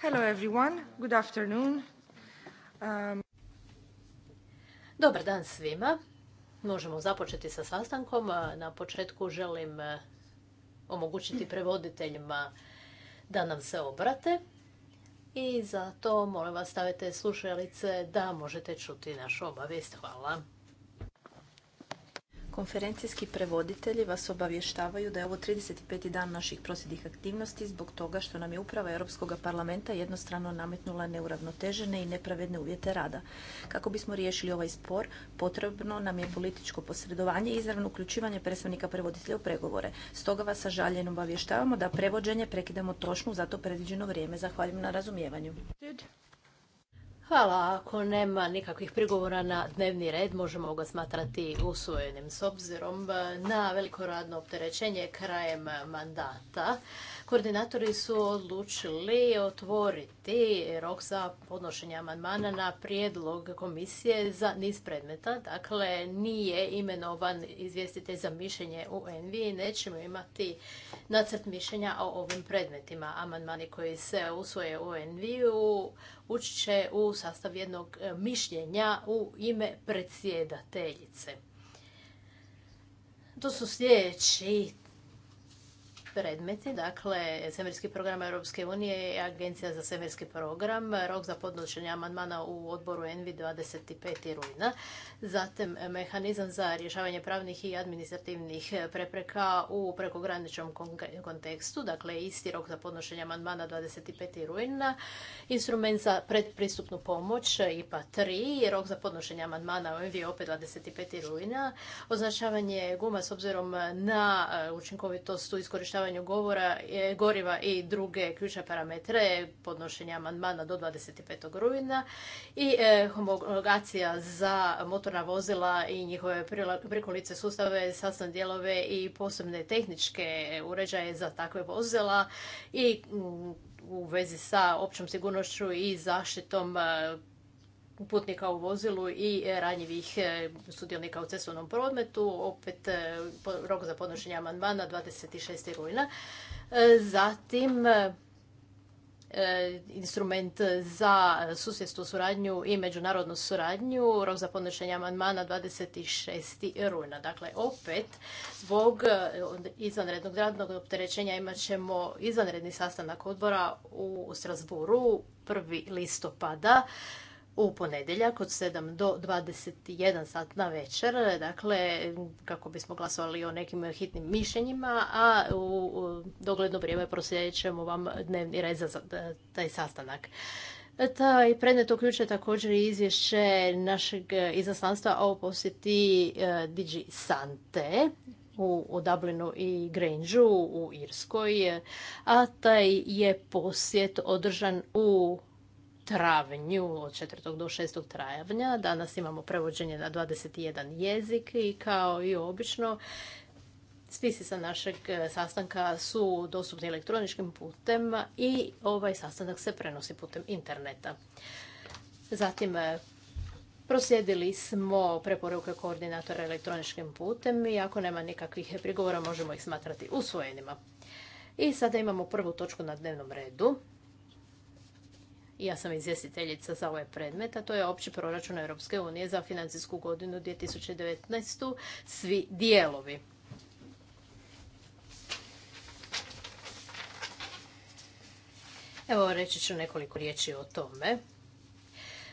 Hello everyone, good afternoon. Um, Dobar dan svima. Možemo započeti sa sastankom. Na početku želim eh, omogućiti prevoditeljima da nam se obrate. I zato molim vas stavite slušalice da možete čuti našu obavijest. Hvala. Konferencijski prevoditelji vas obavještavaju da je ovo 35. dan naših prosvjednih aktivnosti zbog toga što nam je uprava Europskog parlamenta jednostrano nametnula neuravnotežene i nepravedne uvjete rada. Kako bismo riješili ovaj spor, potrebno nam je političko posredovanje i izravno uključivanje predstavnika prevoditelja u pregovore. Stoga vas sa žaljenom obavještavamo da prevođenje prekidamo točno za to predviđeno vrijeme. Zahvaljujem na razumijevanju. Hvala. Ako nema nikakvih prigovora na dnevni red, možemo ga smatrati usvojenim s obzirom na veliko radno opterećenje krajem mandata. Koordinatori su odlučili otvoriti rok za podnošenje amandmana na prijedlog komisije za niz predmeta. Dakle, nije imenovan izvjestitelj za mišljenje u Envi i nećemo imati nacrt mišljenja o ovim predmetima. Amandmani koji se usvoje u Enviju ući će u sastav jednog mišljenja u ime predsjedateljice. To su sljedeći predmeti, dakle Svemirski program Europske unije Agencija za severski program, rok za podnošenje amandmana u odboru ENVI 25. rujna, zatim mehanizam za rješavanje pravnih i administrativnih prepreka u prekograničnom kontekstu, dakle isti rok za podnošenje amandmana 25. rujna, instrument za predpristupnu pomoć IPA 3, rok za podnošenje amandmana u ENVI opet 25. rujna, označavanje guma s obzirom na e, učinkovitost u iskorištavanju govora, e, goriva i druge ključne parametre podnošenja amandmana do 25. rujna i e, homologacija za motorna vozila i njihove prikolice sustave, sastavne dijelove i posebne tehničke uređaje za takve vozila i mm, u vezi sa općom sigurnošću i zaštitom e, putnika u vozilu i e, ranjivih e, sudionika u cestovnom prometu. Opet e, rok za podnošenje amandmana 26. rujna. Zatim instrument za susjedstvu suradnju i međunarodnu suradnju, rok za podnošenje amandmana 26. rujna. Dakle, opet, zbog izvanrednog radnog opterećenja imat ćemo izvanredni sastanak odbora u Strasburu 1. listopada u ponedjeljak od 7 do 21 sat na večer, dakle kako bismo glasovali o nekim hitnim mišljenjima, a u dogledno vrijeme proslijedit ćemo vam dnevni red za taj sastanak. Taj predmet uključuje također i izvješće našeg izaslanstva o posjeti e, Digi Sante u Dublinu i Grangeu u Irskoj, a taj je posjet održan u travnju, od 4. do 6. travnja. Danas imamo prevođenje na 21 jezik i kao i obično spisi sa našeg e, sastanka su dostupni elektroničkim putem i ovaj sastanak se prenosi putem interneta. Zatim e, Proslijedili smo preporuke koordinatora elektroničkim putem i ako nema nikakvih prigovora možemo ih smatrati usvojenima. I sada imamo prvu točku na dnevnom redu. Ja sam izvjestiteljica za ovaj predmet, a to je opći proračun Europske unije za financijsku godinu 2019. Svi dijelovi. Evo reći ću nekoliko riječi o tome.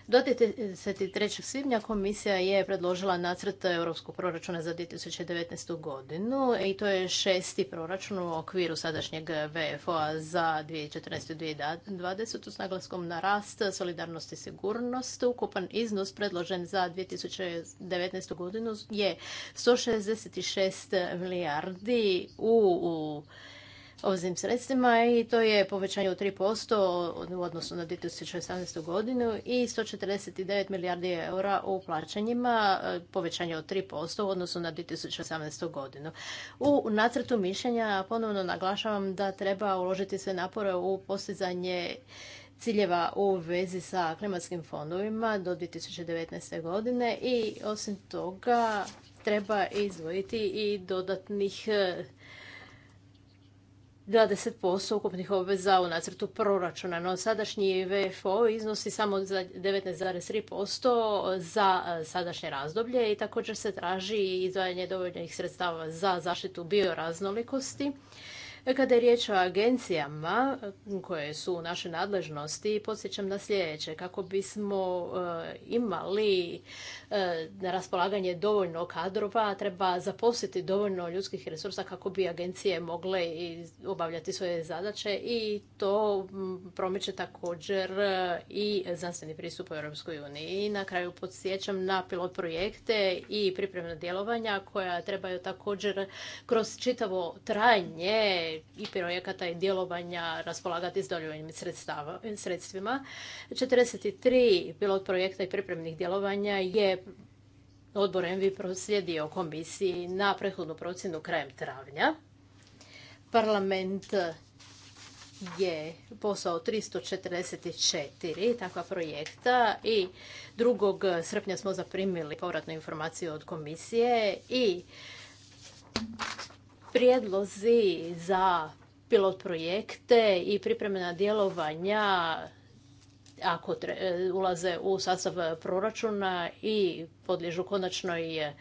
Do 23. svibnja komisija je predložila nacrt europskog proračuna za 2019. godinu i to je šesti proračun u okviru sadašnjeg VFO-a za 2014. i 2020. s naglaskom na rast, solidarnost i sigurnost. Ukupan iznos predložen za 2019. godinu je 166 milijardi u, u obveznim sredstvima i to je povećanje od 3% u odnosu na 2018. godinu i 149 milijardi eura u plaćanjima, e, povećanje od 3% u odnosu na 2018. godinu. U nacrtu mišljenja ponovno naglašavam da treba uložiti sve napore u postizanje ciljeva u vezi sa klimatskim fondovima do 2019. godine i osim toga treba izdvojiti i dodatnih e, 20% ukupnih obveza u nacrtu proračuna, no sadašnji VFO iznosi samo za 19,3% za e, sadašnje razdoblje i također se traži izdvajanje dovoljnih sredstava za zaštitu bioraznolikosti. E, kada je riječ o agencijama e, koje su u našoj nadležnosti, podsjećam na sljedeće. Kako bismo imali E, na raspolaganje dovoljno kadrova, treba zaposliti dovoljno ljudskih resursa kako bi agencije mogle obavljati svoje zadaće i to promiče također e, i znanstveni pristup u Europskoj uniji. I na kraju podsjećam na pilot projekte i pripremna djelovanja koja trebaju također kroz čitavo trajanje i projekata i djelovanja raspolagati s sredstvima. 43 pilot projekta i pripremnih djelovanja je odbor MV proslijedio komisiji na prethodnu procjenu krajem travnja. Parlament je posao 344 takva projekta i 2. srpnja smo zaprimili povratnu informaciju od komisije i prijedlozi za pilot projekte i pripremena djelovanja ako e, ulaze u sastav proračuna i podliježu konačnoj e,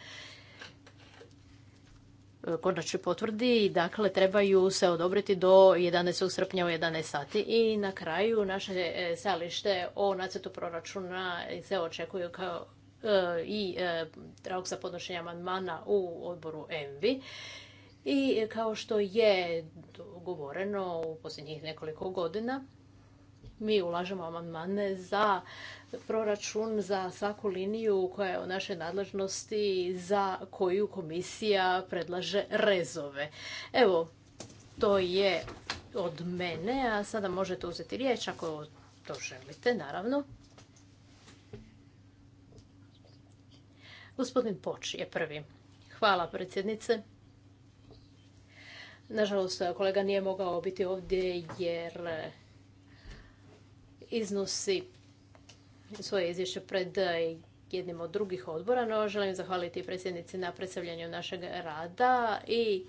konačnoj potvrdi, dakle trebaju se odobriti do 11. srpnja u 11 sati. I na kraju naše e, stajalište o nacrtu proračuna se očekuju kao i trauk za podnošenje amandmana u odboru ENVI. I kao što je govoreno u posljednjih nekoliko godina, mi ulažemo amandmane za proračun za svaku liniju koja je u našoj nadležnosti za koju komisija predlaže rezove. Evo, to je od mene, a sada možete uzeti riječ ako to želite, naravno. Gospodin Poč je prvi. Hvala predsjednice. Nažalost, kolega nije mogao biti ovdje jer iznosi svoje izvješće pred e, jednim od drugih odbora, no želim zahvaliti predsjednici na predstavljanju našeg rada i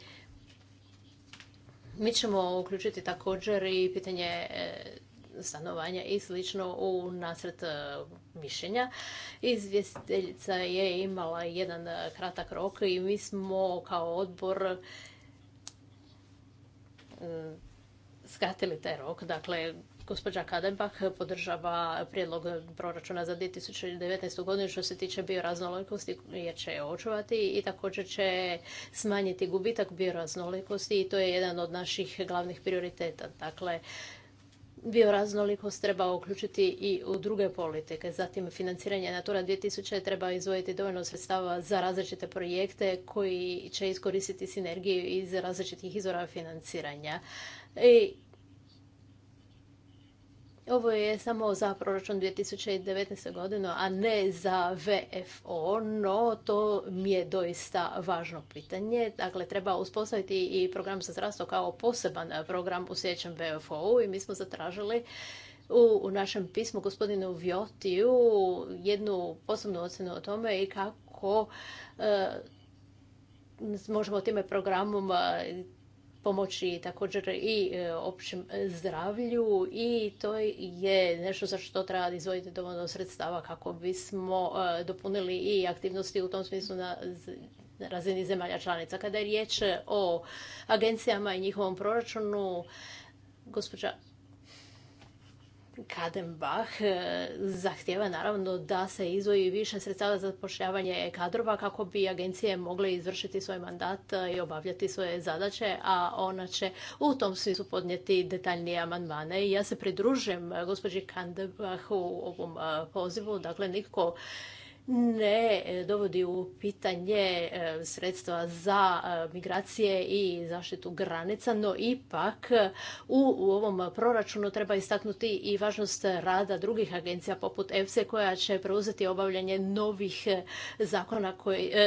mi ćemo uključiti također i pitanje e, stanovanja i slično u nasret e, mišljenja. Izvjestiteljica je imala jedan kratak rok i mi smo kao odbor mm, skratili taj rok. Dakle, gospođa Kadenbach podržava prijedlog proračuna za 2019. godinu što se tiče bioraznolikosti jer će je očuvati i također će smanjiti gubitak bioraznolikosti i to je jedan od naših glavnih prioriteta. Dakle, bioraznolikost treba uključiti i u druge politike. Zatim, financiranje Natura 2000 treba izvojiti dovoljno sredstava za različite projekte koji će iskoristiti sinergiju iz različitih izvora financiranja. I ovo je samo za proračun 2019. godine a ne za VFO, no to mi je doista važno pitanje. Dakle, treba uspostaviti i program za zdravstvo kao poseban program u sljedećem VFO-u i mi smo zatražili u našem pismu gospodinu Vjotiju jednu posebnu ocenu o tome i kako e, možemo time programom pomoći također i e, općem zdravlju i to je nešto za što treba izvojiti dovoljno sredstava kako bismo e, dopunili i aktivnosti u tom smislu na razini zemalja članica. Kada je riječ o agencijama i njihovom proračunu, gospođa Kadenbach e, zahtjeva naravno da se izvoji više sredstava za zapošljavanje kadrova kako bi agencije mogle izvršiti svoj mandat e, i obavljati svoje zadaće, a ona će u tom smislu podnijeti detaljnije amandmane. Ja se pridružujem e, gospođi Kadenbach u ovom pozivu, dakle nitko ne e, dovodi u pitanje e, sredstva za e, migracije i zaštitu granica, no ipak u, ovom proračunu treba istaknuti i važnost rada drugih agencija poput EFSE koja će preuzeti obavljanje novih zakona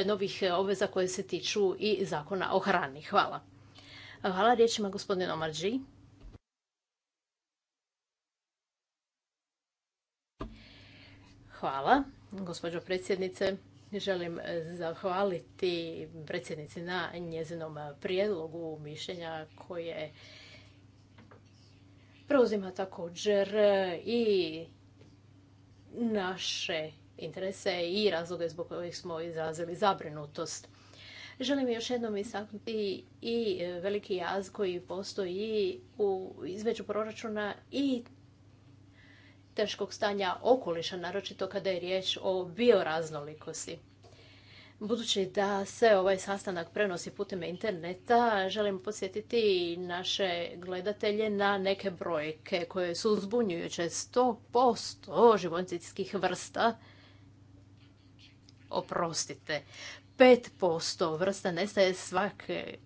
novih obveza koje se tiču i zakona o hrani. Hvala. Hvala riječima gospodine Omarđi. Hvala. Gospođo predsjednice, želim zahvaliti predsjednici na njezinom prijedlogu mišljenja koje preuzima također i naše interese i razloge zbog kojih smo izrazili zabrinutost. Želim još jednom istaknuti i veliki jaz koji postoji u, između proračuna i teškog stanja okoliša, naročito kada je riječ o bioraznolikosti. Budući da se ovaj sastanak prenosi putem interneta, želim podsjetiti naše gledatelje na neke brojke koje su uzbunjujuće 100% životinjskih vrsta. Oprostite, 5% vrsta nestaje svake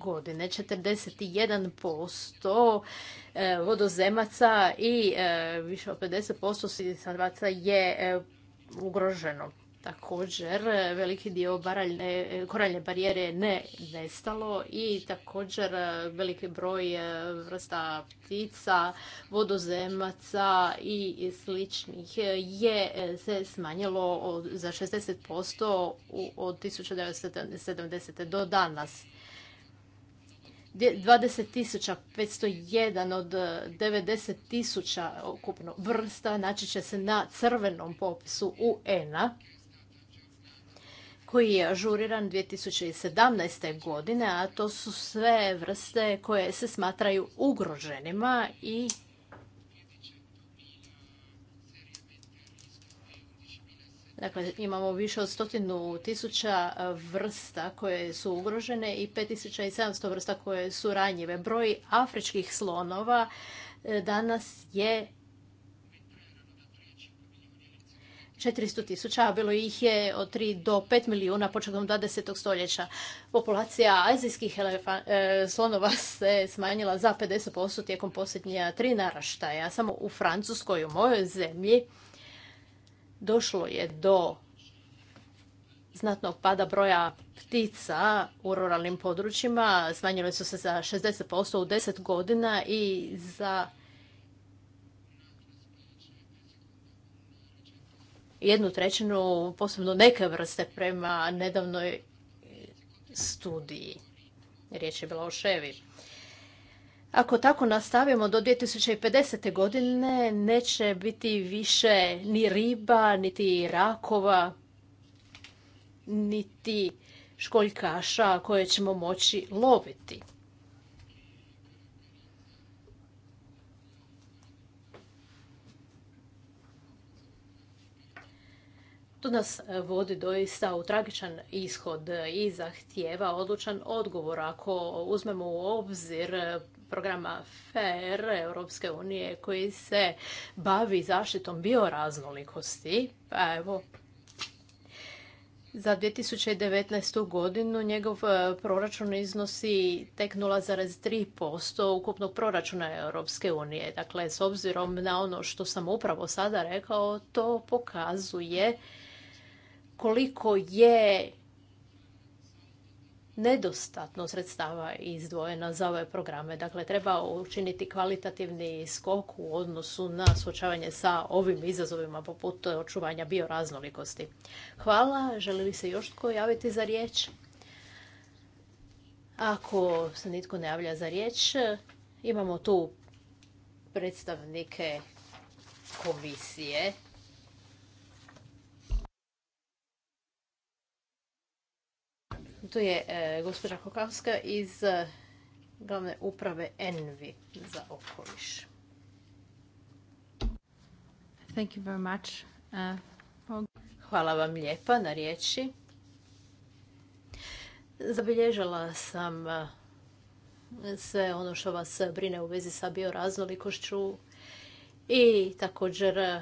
godine 41% e, vodozemaca i e, više od 50% sisavaca je e, ugroženo. Također, veliki dio koraljne barijere je ne nestalo i također veliki broj vrsta ptica, vodozemaca i sličnih je se smanjilo za 60% od 1970. do danas. 20.501 od 90.000 eh, ukupno vrsta naći će se na crvenom popisu un koji je ažuriran 2017. godine, a to su sve vrste koje se smatraju ugroženima i Dakle, imamo više od stotinu tisuća e, vrsta koje su ugrožene i 5700 vrsta koje su ranjive. Broj afričkih slonova e, danas je 400 tisuća, a bilo ih je od 3 do 5 milijuna početkom 20. stoljeća. Populacija azijskih e, slonova se smanjila za 50% tijekom posljednja tri naraštaja. Samo u Francuskoj, u mojoj zemlji, došlo je do znatnog pada broja ptica u ruralnim područjima. Smanjile su se za 60% u 10 godina i za jednu trećinu, posebno neke vrste prema nedavnoj studiji. Riječ je bila o ševi. Ako tako nastavimo do 2050. godine neće biti više ni riba, niti rakova, niti školjkaša koje ćemo moći loviti. To nas vodi doista u tragičan ishod i zahtjeva odlučan odgovor. Ako uzmemo u obzir programa FER Europske unije koji se bavi zaštitom bioraznolikosti. Pa evo, za 2019. godinu njegov e, proračun iznosi tek 0,3% ukupnog proračuna Europske unije. Dakle, s obzirom na ono što sam upravo sada rekao, to pokazuje koliko je nedostatno sredstava izdvojena za ove programe. Dakle, treba učiniti kvalitativni skok u odnosu na suočavanje sa ovim izazovima poput očuvanja bioraznolikosti. Hvala. Želi li se još tko javiti za riječ? Ako se nitko ne javlja za riječ, imamo tu predstavnike komisije Tu je e, gospođa Kokavska iz e, glavne uprave Envi za okoliš. Thank you e, Hvala vam lijepa na riječi. Zabilježila sam sve ono što vas brine u vezi sa bioraznolikošću i također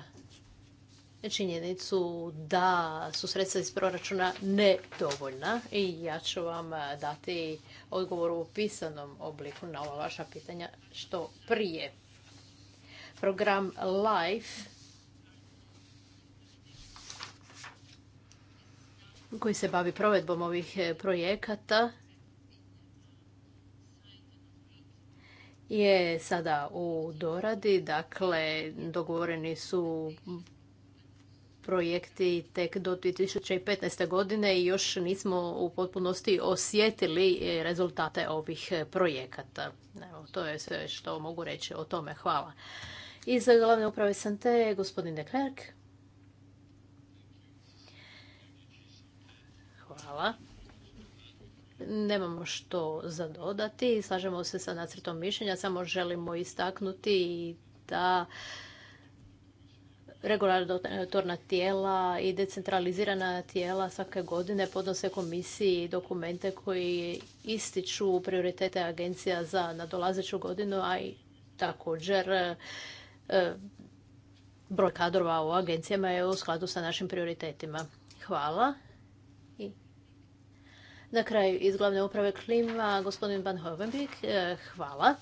činjenicu da su sredstva iz proračuna nedovoljna i ja ću vam eh, dati odgovor u pisanom obliku na ova vaša pitanja što prije. Program LIFE koji se bavi provedbom ovih eh, projekata je sada u doradi. Dakle, dogovoreni su projekti tek do 2015. godine i još nismo u potpunosti osjetili e, rezultate ovih e, projekata. Evo, to je sve što mogu reći o tome. Hvala. I za glavne uprave Sante, gospodin De Klerk. Hvala. Nemamo što zadodati, slažemo se sa nacrtom mišljenja, samo želimo istaknuti da regulatorna tijela i decentralizirana tijela svake godine podnose komisiji dokumente koji ističu prioritete agencija za nadolazeću godinu, a i također e, broj kadrova u agencijama je u skladu sa našim prioritetima. Hvala. Na kraju iz glavne uprave klima, gospodin Van Hovenbeek, e, hvala.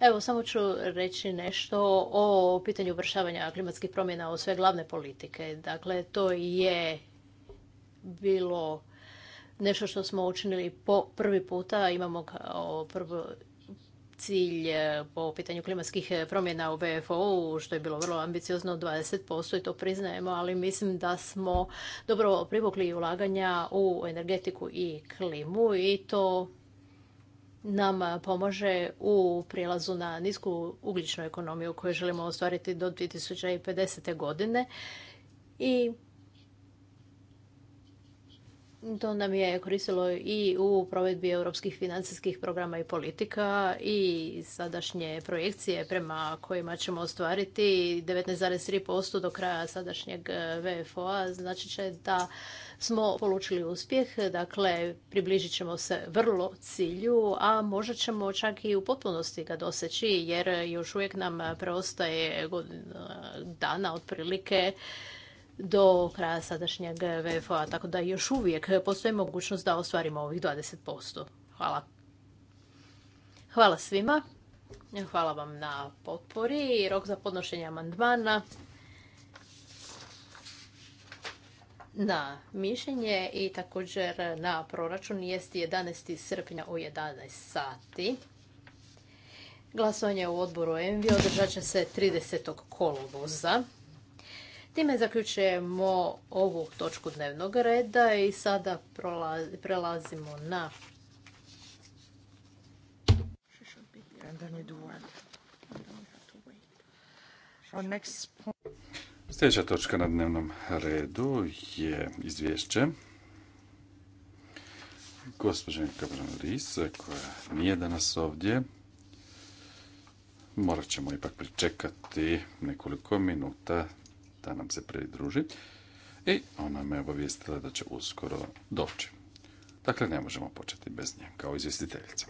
Evo, samo ću reći nešto o pitanju vršavanja klimatskih promjena u sve glavne politike. Dakle, to je bilo nešto što smo učinili po prvi puta. Imamo kao prvo cilj e, po pitanju klimatskih e, promjena u VFO-u, što je bilo vrlo ambiciozno, 20% i to priznajemo, ali mislim da smo dobro privukli ulaganja u energetiku i klimu i to nam pomaže u prijelazu na nisku ugljičnu ekonomiju koju želimo ostvariti do 2050. godine. I to nam je koristilo i u provedbi europskih financijskih programa i politika i sadašnje projekcije prema kojima ćemo ostvariti 19,3% do kraja sadašnjeg e, VFO-a znači će da smo polučili uspjeh, dakle približit ćemo se vrlo cilju, a možda ćemo čak i u potpunosti ga doseći jer još uvijek nam preostaje dana otprilike do kraja sadašnjeg VFO-a, tako da još uvijek postoji mogućnost da ostvarimo ovih 20%. Hvala. Hvala svima. Hvala vam na potpori. Rok za podnošenje amandmana na mišljenje i također na proračun jest 11. srpnja u 11 sati. Glasovanje u odboru MV održat će se 30. kolovoza. Time zaključujemo ovu točku dnevnog reda i sada prelazimo na Sljedeća točka na dnevnom redu je izvješće gospođe Kabran koja nije danas ovdje. Morat ćemo ipak pričekati nekoliko minuta da nam se pridruži i ona me obavijestila da će uskoro doći. Dakle, ne možemo početi bez nje kao izvjestiteljica.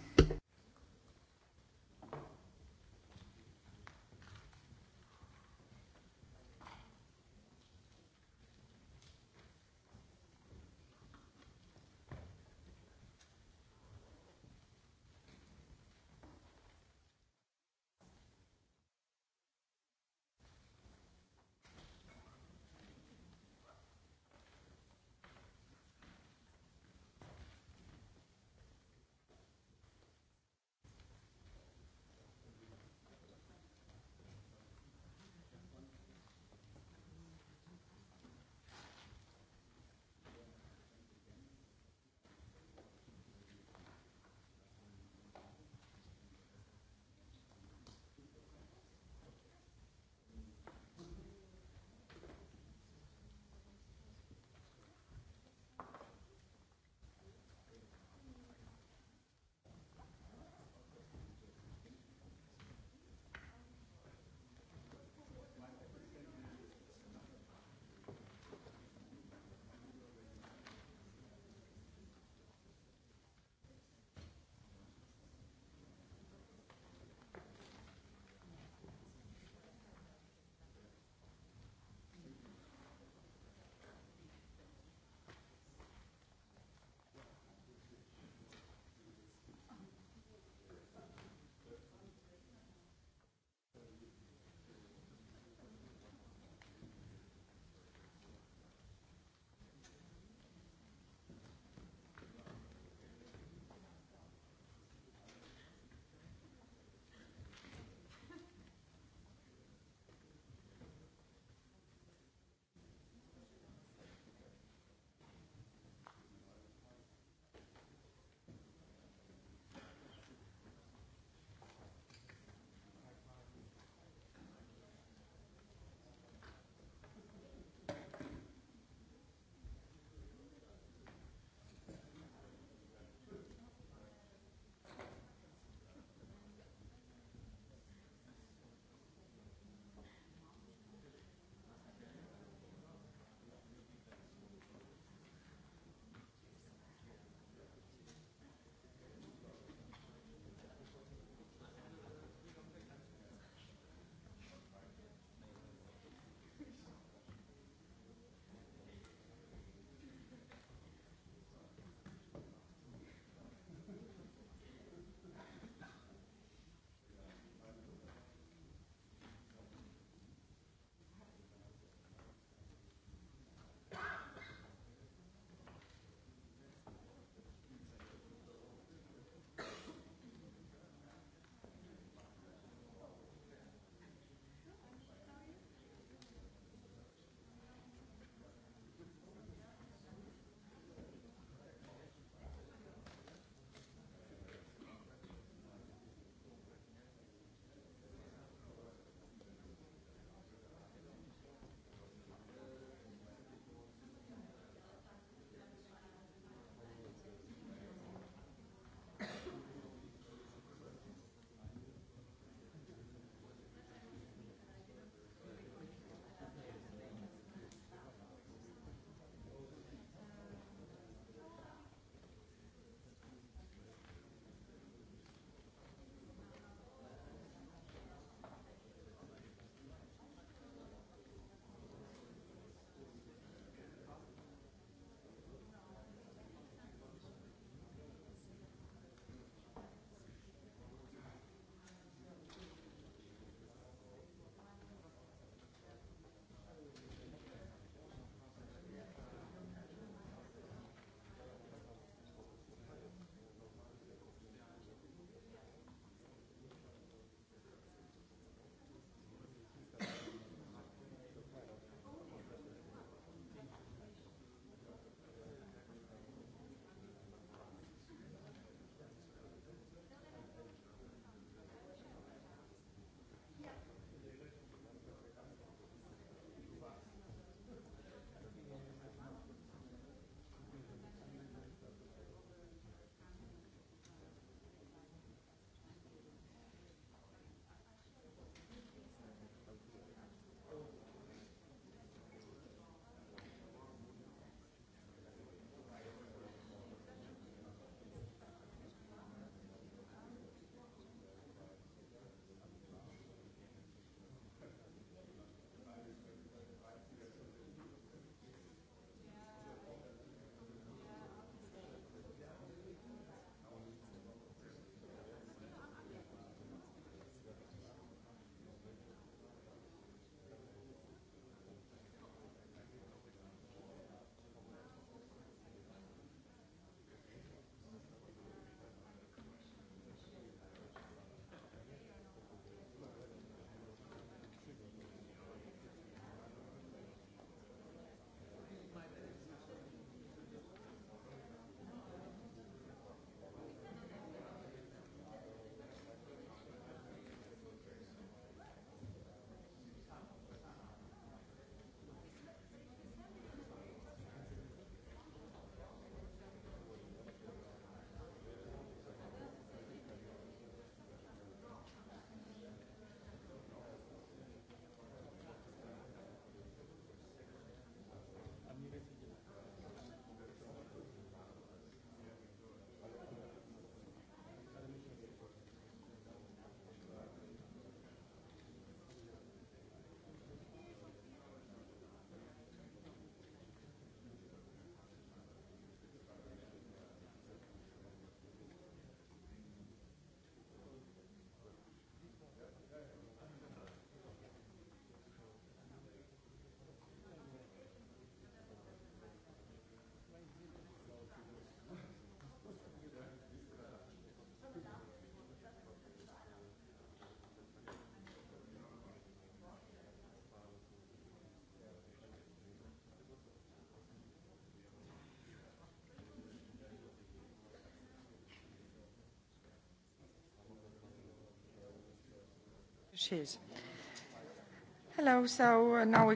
Hello, uh,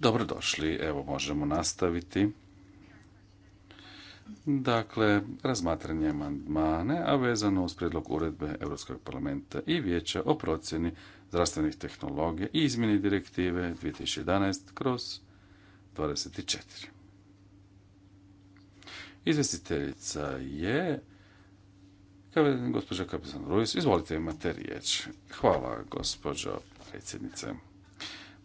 Dobrodošli, evo možemo nastaviti. Dakle, razmatranje amandmane, a vezano uz predlog uredbe Europskog parlamenta i vijeća o procjeni zdravstvenih tehnologija i izmjeni direktive 2011 kroz 24. Izvestiteljica je Gospođa Kapizan Ruiz, izvolite imate riječ. Hvala gospođo predsjednice.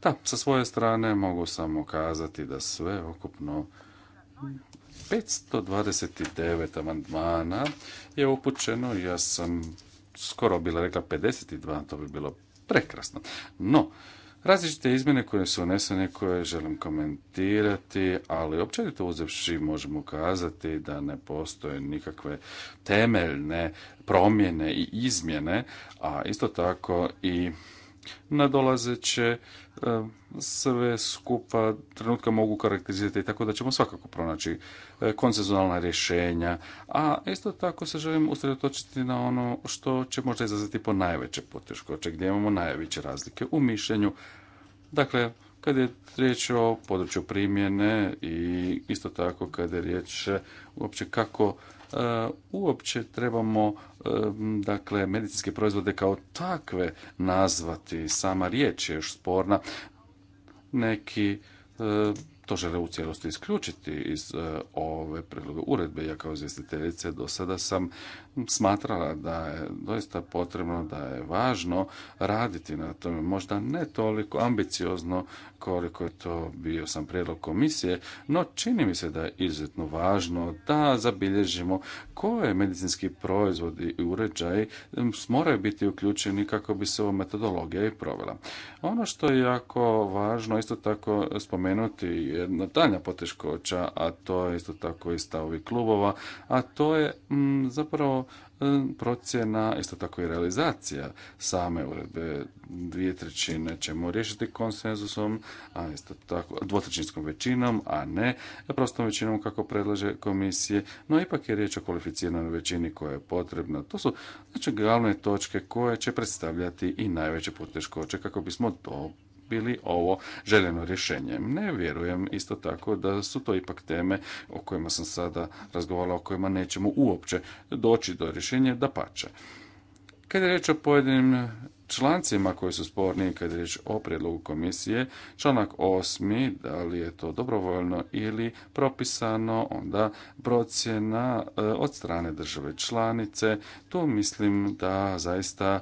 Da, sa svoje strane mogu samo kazati da sve okupno 529 amandmana je upućeno, ja sam skoro bila rekla 52, to bi bilo prekrasno. No, Različite izmjene koje su unesene, koje želim komentirati, ali općenito uzevši možemo kazati da ne postoje nikakve temeljne promjene i izmjene, a isto tako i nadolazeće e, sve skupa trenutka mogu karakterizirati tako da ćemo svakako pronaći e, konsenzualna rješenja, a isto tako se želim usredotočiti na ono što će možda izazvati po najveće poteškoće, gdje imamo najveće razlike u mišljenju. Dakle, kad je riječ o području primjene i isto tako kad je riječ uopće kako E, uopće trebamo e, dakle medicinske proizvode kao takve nazvati. Sama riječ je još sporna. Neki e, to žele u cijelosti isključiti iz ove predloge uredbe. Ja kao izvjestiteljice do sada sam smatrala da je doista potrebno, da je važno raditi na tome. Možda ne toliko ambiciozno koliko je to bio sam prijedlog komisije, no čini mi se da je izuzetno važno da zabilježimo koje medicinski proizvodi i uređaji moraju biti uključeni kako bi se ova metodologija i provela. Ono što je jako važno isto tako spomenuti je daljnja poteškoća, a to je isto tako i stavovi klubova, a to je mm, zapravo E, procjena, isto tako i realizacija same uredbe. Dvije trećine ćemo riješiti konsenzusom, a isto tako dvotrećinskom većinom, a ne prostom većinom kako predlaže komisije, no ipak je riječ o kvalificiranoj većini koja je potrebna. To su znači glavne točke koje će predstavljati i najveće poteškoće kako bismo to bili ovo željeno rješenje. Ne vjerujem isto tako da su to ipak teme o kojima sam sada razgovarala, o kojima nećemo uopće doći do rješenja, da pače. Kada je riječ o pojedinim člancima koji su sporni kad je riječ o predlogu komisije, članak 8. da li je to dobrovoljno ili propisano, onda procjena e, od strane države članice, to mislim da zaista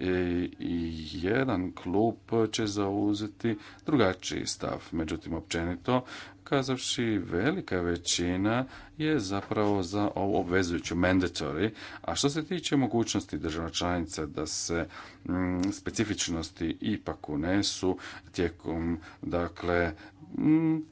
E, jedan klub će zauzeti drugačiji stav. Međutim, općenito, kazavši velika većina je zapravo za ovu obvezujuću mandatory, a što se tiče mogućnosti država članica da se mm, specifičnosti ipak unesu tijekom dakle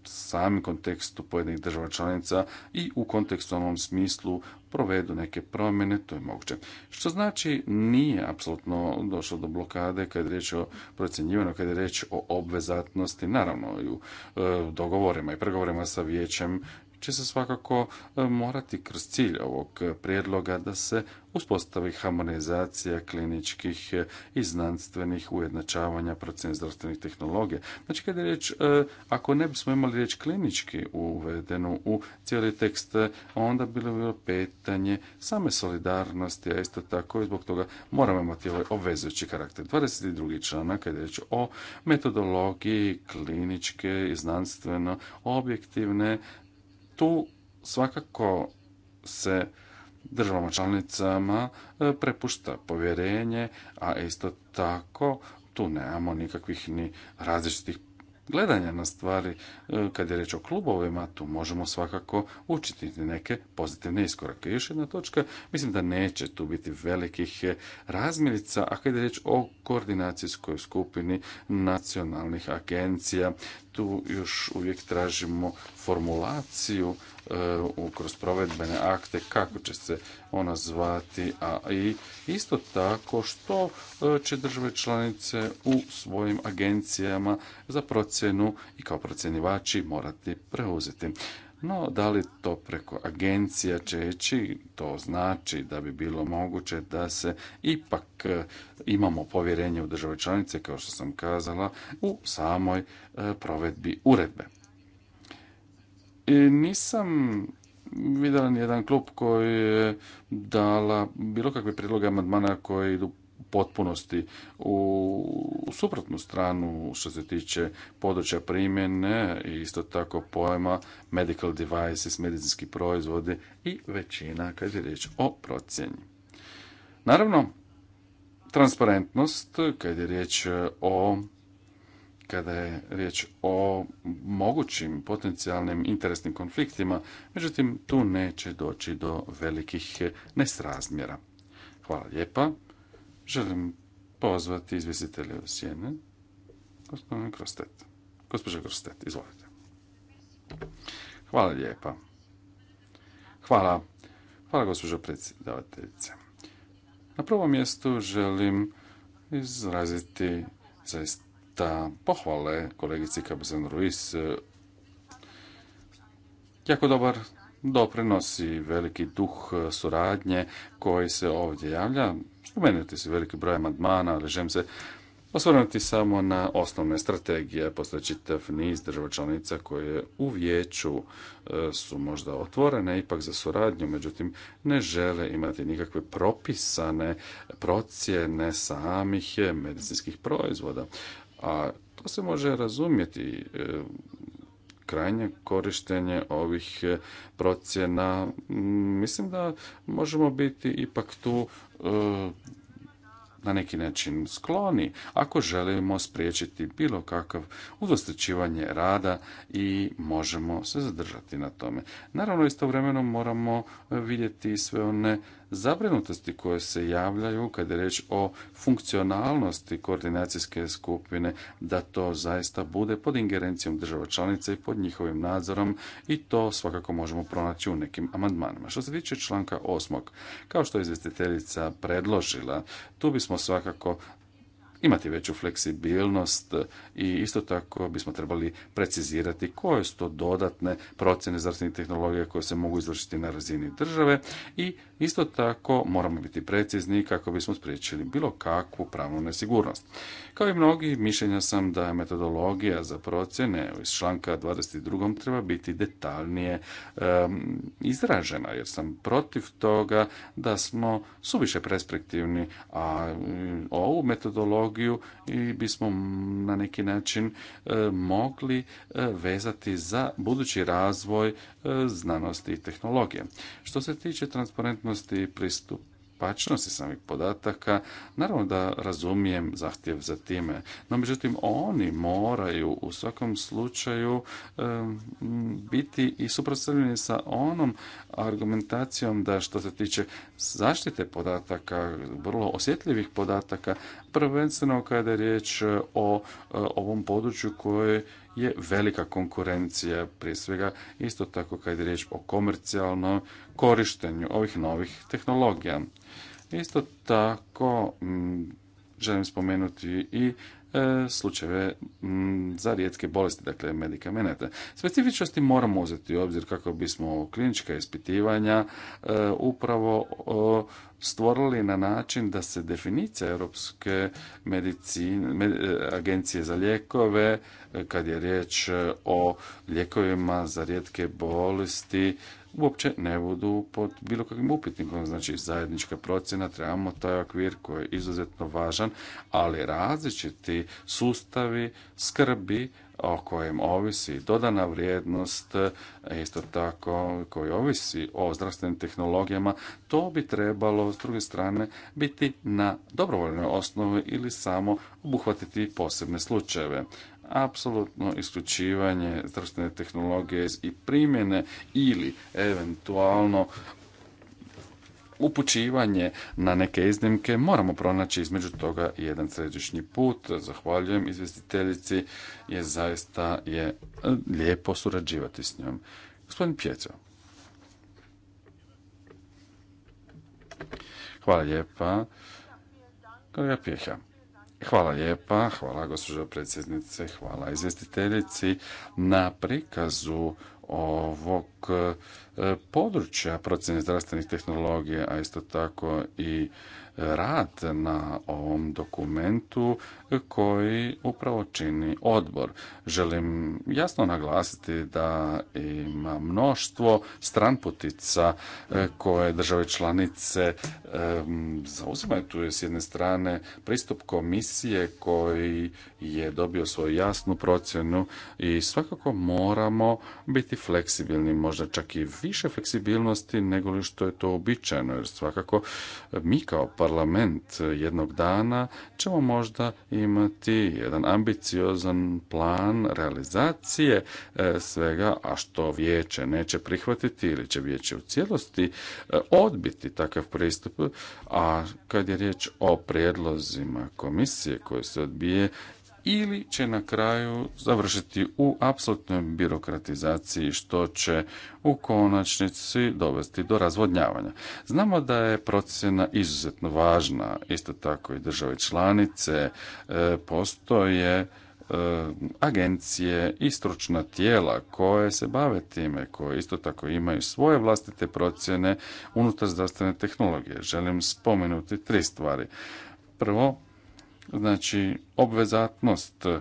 samim kontekstu pojedinih država članica i u kontekstualnom smislu provedu neke promjene, to je moguće. Što znači nije apsolutno došlo do blokade kad je riječ o procjenjivanju, kad je riječ o obvezatnosti, naravno i u e, dogovorima i pregovorima sa vijećem će se svakako e, morati kroz cilj ovog prijedloga da se uspostavi harmonizacija kliničkih e, i znanstvenih ujednačavanja procjene zdravstvenih tehnologija. Znači, kada je riječ, e, ako ne bismo imali riječ klinički uvedenu u cijeli tekst, onda bi bilo pitanje same solidarnosti, a isto tako i zbog toga moramo imati ovaj obvezujući karakter. 22. članak, kada je riječ o metodologiji kliničke i znanstveno objektivne tu svakako se državama članicama e, prepušta povjerenje, a isto tako tu nemamo nikakvih ni različitih gledanja na stvari, e, kad je reč o klubovima, tu možemo svakako učiti neke pozitivne iskorake. Još jedna točka, mislim da neće tu biti velikih razmirica, a kad je reč o koordinacijskoj skupini nacionalnih agencija, tu još uvijek tražimo formulaciju E, kroz provedbene akte, kako će se ona zvati, a i isto tako što e, će države članice u svojim agencijama za procjenu i kao procjenivači morati preuzeti. No, da li to preko agencija će ići, to znači da bi bilo moguće da se ipak e, imamo povjerenje u države članice, kao što sam kazala, u samoj provedbi uredbe nisam vidjela jedan klub koji je dala bilo kakve prijedloge amandmana koji idu potpunosti u suprotnu stranu što se tiče područja primjene i isto tako pojma medical devices, medicinski proizvodi i većina kad je riječ o procjeni. Naravno, transparentnost kad je riječ o kada je riječ o mogućim potencijalnim interesnim konfliktima, međutim tu neće doći do velikih nesrazmjera. Hvala lijepa. Želim pozvati izvjestitelje u sjene, gospodin krostet Gospođa izvolite. Hvala lijepa. Hvala. Hvala gospođo predsjedavateljice. Na prvom mjestu želim izraziti zaista da pohvale kolegici Kabezan Ruiz jako dobar doprinosi veliki duh suradnje koji se ovdje javlja. Spomenuti se veliki broj amandmana, ali želim se osvrnuti samo na osnovne strategije. Postoje čitav niz država članica koje u vijeću e, su možda otvorene ipak za suradnju, međutim ne žele imati nikakve propisane procjene samih medicinskih proizvoda. A to se može razumjeti e, krajnje korištenje ovih e, procjena. Mislim da možemo biti ipak tu e, na neki način skloni ako želimo spriječiti bilo kakav uzostrećivanje rada i možemo se zadržati na tome. Naravno, istovremeno moramo vidjeti sve one zabrinutosti koje se javljaju kada je riječ o funkcionalnosti koordinacijske skupine, da to zaista bude pod ingerencijom država članica i pod njihovim nadzorom i to svakako možemo pronaći u nekim amandmanima. Što se tiče članka 8. kao što je izvestiteljica predložila, tu bismo svakako imati veću fleksibilnost e, i isto tako bismo trebali precizirati koje su to dodatne procjene zdravstvenih tehnologija koje se mogu izvršiti na razini države i isto tako moramo biti precizni kako bismo spriječili bilo kakvu pravnu nesigurnost. Kao i mnogi, mišljenja sam da metodologija za procjene iz članka 22. treba biti detaljnije izražena, jer sam protiv toga da smo suviše perspektivni, a e, ovu metodologiju i bismo na neki način e, mogli e, vezati za budući razvoj e, znanosti i tehnologije. Što se tiče transparentnosti pristupa, pačnosti samih podataka, naravno da razumijem zahtjev za time. No, međutim, oni moraju u svakom slučaju biti i suprotstavljeni sa onom argumentacijom da što se tiče zaštite podataka, vrlo osjetljivih podataka, prvenstveno kada je riječ e, o e, ovom području koje je velika konkurencija, prije svega isto tako kad je riječ o komercijalnom korištenju ovih novih tehnologija. Isto tako mm, želim spomenuti i e, slučajeve mm, za rijetke bolesti, dakle medikamenata. Specifičnosti moramo uzeti u obzir kako bismo klinička ispitivanja e, upravo stvorili na način da se definicija Europske e, agencije za lijekove, kad je riječ o lijekovima za rijetke bolesti, uopće ne budu pod bilo kakvim upitnikom. Znači zajednička procjena, trebamo taj okvir koji je izuzetno važan, ali različiti sustavi skrbi o kojem ovisi dodana vrijednost, isto tako koji ovisi o zdravstvenim tehnologijama, to bi trebalo s druge strane biti na dobrovoljnoj osnovi ili samo obuhvatiti posebne slučajeve apsolutno isključivanje zdravstvene tehnologije i primjene ili eventualno upućivanje na neke iznimke moramo pronaći između toga jedan središnji put. Zahvaljujem izvjestiteljici je zaista je lijepo surađivati s njom. Gospodin Pjeco. Hvala lijepa. Kolega Pjeha. Hvala lijepa, hvala gospođo predsjednice, hvala izvjestiteljici na prikazu ovog e, područja procjene zdravstvenih tehnologija, a isto tako i rad na ovom dokumentu koji upravo čini odbor. Želim jasno naglasiti da ima mnoštvo stranputica e, koje države članice e, zauzimaju. Tu s jedne strane pristup komisije koji je dobio svoju jasnu procjenu i svakako moramo biti fleksibilni, možda čak i više fleksibilnosti nego što je to uobičajeno, jer svakako mi kao parlament jednog dana ćemo možda imati jedan ambiciozan plan realizacije e, svega, a što vijeće neće prihvatiti ili će vijeće u cijelosti e, odbiti takav pristup, a kad je riječ o prijedlozima komisije koje se odbije, ili će na kraju završiti u apsolutnoj birokratizaciji što će u konačnici dovesti do razvodnjavanja. Znamo da je procjena izuzetno važna, isto tako i države članice e, postoje e, agencije i stručna tijela koje se bave time, koje isto tako imaju svoje vlastite procjene unutar zdravstvene tehnologije. Želim spomenuti tri stvari. Prvo, Znači, obvezatnost e,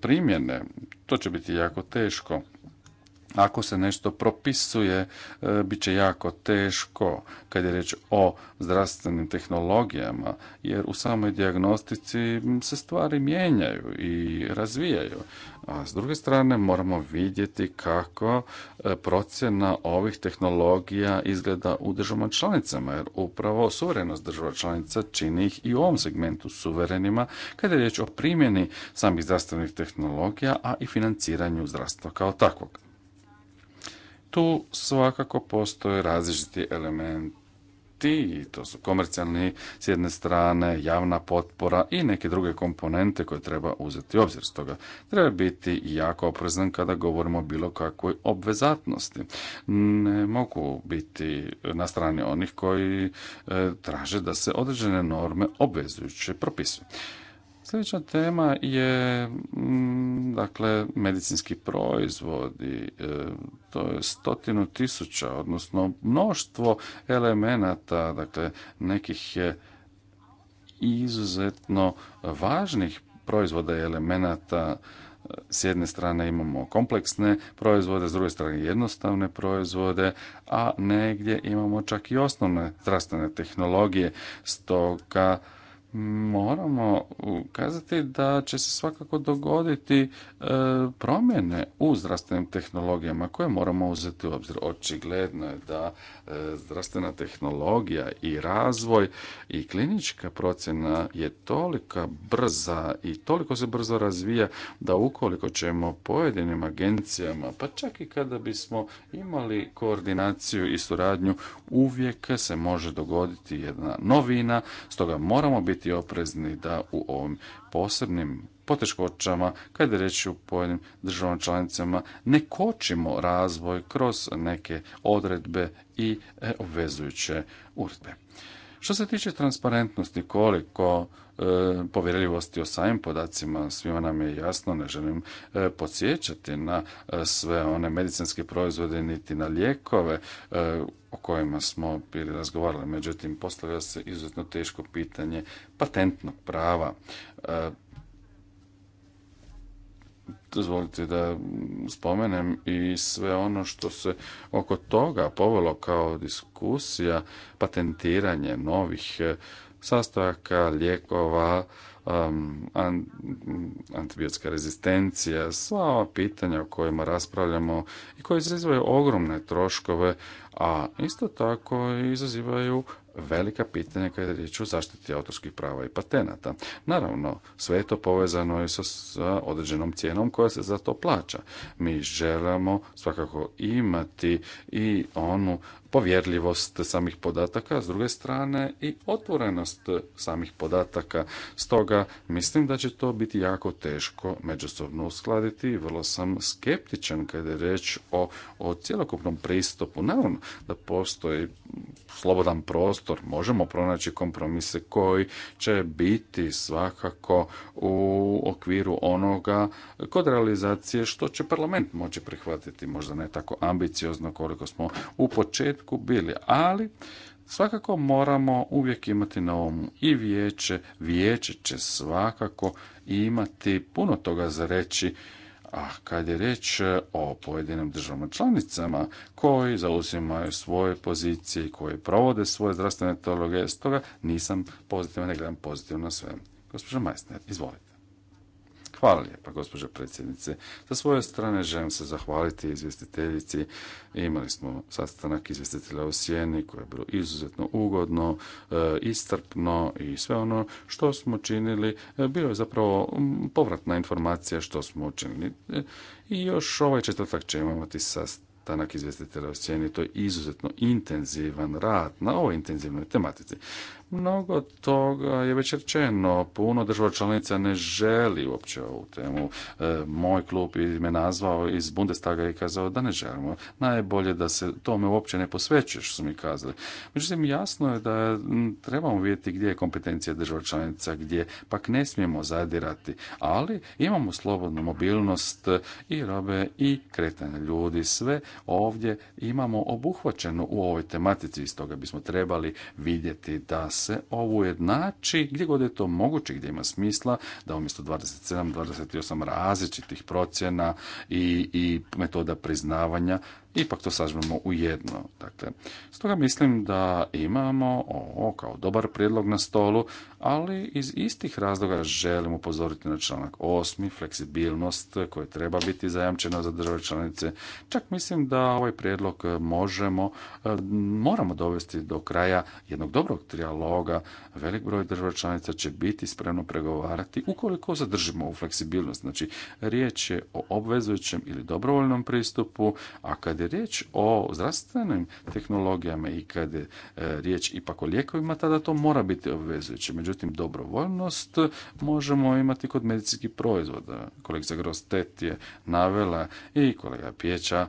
primjene, to će biti jako teško ako se nešto propisuje, e, bit će jako teško kad je reč o zdravstvenim tehnologijama, jer u samoj dijagnostici se stvari mijenjaju i razvijaju. A s druge strane moramo vidjeti kako e, procjena ovih tehnologija izgleda u državama članicama, jer upravo suverenost država članica čini ih i u ovom segmentu suverenima kada je riječ o primjeni samih zdravstvenih tehnologija, a i financiranju zdravstva kao takvog tu svakako postoje različiti elementi to su komercijalni s jedne strane, javna potpora i neke druge komponente koje treba uzeti u obzir. Stoga treba biti jako oprezan kada govorimo o bilo kakvoj obvezatnosti. Ne mogu biti na strani onih koji e, traže da se određene norme obvezujuće propisuju. Sljedeća tema je mm, dakle medicinski proizvodi, e, to je stotinu tisuća, odnosno mnoštvo elemenata, dakle nekih je izuzetno važnih proizvoda i elemenata e, s jedne strane imamo kompleksne proizvode, s druge strane jednostavne proizvode, a negdje imamo čak i osnovne zdravstvene tehnologije. Stoga moramo ukazati da će se svakako dogoditi e, promjene u zdravstvenim tehnologijama koje moramo uzeti u obzir. Očigledno je da e, zdravstvena tehnologija i razvoj i klinička procjena je tolika brza i toliko se brzo razvija da ukoliko ćemo pojedinim agencijama, pa čak i kada bismo imali koordinaciju i suradnju, uvijek se može dogoditi jedna novina, stoga moramo biti biti oprezni da u ovim posebnim poteškoćama, kada je reći u pojedinim državama članicama, ne kočimo razvoj kroz neke odredbe i e, obvezujuće uredbe. Što se tiče transparentnosti, koliko e, povjerljivosti o samim podacima, svima nam je jasno, ne želim e, podsjećati na e, sve one medicinske proizvode, niti na lijekove o kojima smo bili razgovarali. Međutim, postavlja se izuzetno teško pitanje patentnog prava dozvolite da spomenem i sve ono što se oko toga povelo kao diskusija, patentiranje novih e, sastojaka, lijekova, um, antibiotska rezistencija, sva ova pitanja o kojima raspravljamo i koje izazivaju ogromne troškove, a isto tako izazivaju velika pitanja kada je riječ o zaštiti autorskih prava i patenata. Naravno, sve je to povezano i sa, sa određenom cijenom koja se za to plaća. Mi želimo svakako imati i onu povjerljivost samih podataka, s druge strane i otvorenost samih podataka. Stoga mislim da će to biti jako teško međusobno uskladiti i vrlo sam skeptičan kada je reč o, o cjelokupnom pristupu. Naravno da postoji slobodan prostor, možemo pronaći kompromise koji će biti svakako u okviru onoga kod realizacije što će parlament moći prihvatiti, možda ne tako ambiciozno koliko smo u početku bili, ali svakako moramo uvijek imati na umu i vijeće, vijeće će svakako imati puno toga za reći, a kad je riječ e, o pojedinim državama članicama koji zauzimaju svoje pozicije i koji provode svoje zdravstvene teologije, stoga nisam pozitivan, ne gledam pozitivno sve. Gospođo Majsner, izvolite. Hvala lijepa, gospođo predsjednice. Sa svoje strane želim se zahvaliti izvjestiteljici. Imali smo sastanak izvjestitelja u Sjeni koje je bilo izuzetno ugodno, e, istrpno i sve ono što smo činili. E, bilo je zapravo povratna informacija što smo učinili. E, I još ovaj četvrtak ćemo imati sastanak izvjestitelja u sjeni, to je izuzetno intenzivan rad na ovoj intenzivnoj tematici. Mnogo toga je već rečeno, puno država članica ne želi uopće ovu temu. E, moj klub me nazvao iz Bundestaga i kazao da ne želimo. Najbolje da se tome uopće ne što su mi kazali. Međutim, jasno je da trebamo vidjeti gdje je kompetencija država članica, gdje pak ne smijemo zadirati, ali imamo slobodnu mobilnost i robe i kretanje ljudi, sve ovdje imamo obuhvaćeno u ovoj tematici, iz toga bismo trebali vidjeti da se ovo ujednači gdje god je to moguće, gdje ima smisla da umjesto 27, 28 različitih procjena i, i metoda priznavanja ipak to sažmemo u jedno. Dakle, stoga mislim da imamo ovo kao dobar prijedlog na stolu, ali iz istih razloga želim upozoriti na članak 8. fleksibilnost koja treba biti zajamčena za države članice. Čak mislim da ovaj prijedlog možemo, moramo dovesti do kraja jednog dobrog trijaloga. Velik broj država članica će biti spremno pregovarati ukoliko zadržimo ovu fleksibilnost. Znači, riječ je o obvezujućem ili dobrovoljnom pristupu, a kad je riječ o zdravstvenim tehnologijama i kad je e, riječ ipak o lijekovima, tada to mora biti obvezujuće. Međutim, dobrovoljnost možemo imati kod medicinskih proizvoda. Kolegica Grostet je navela i kolega Pijeća.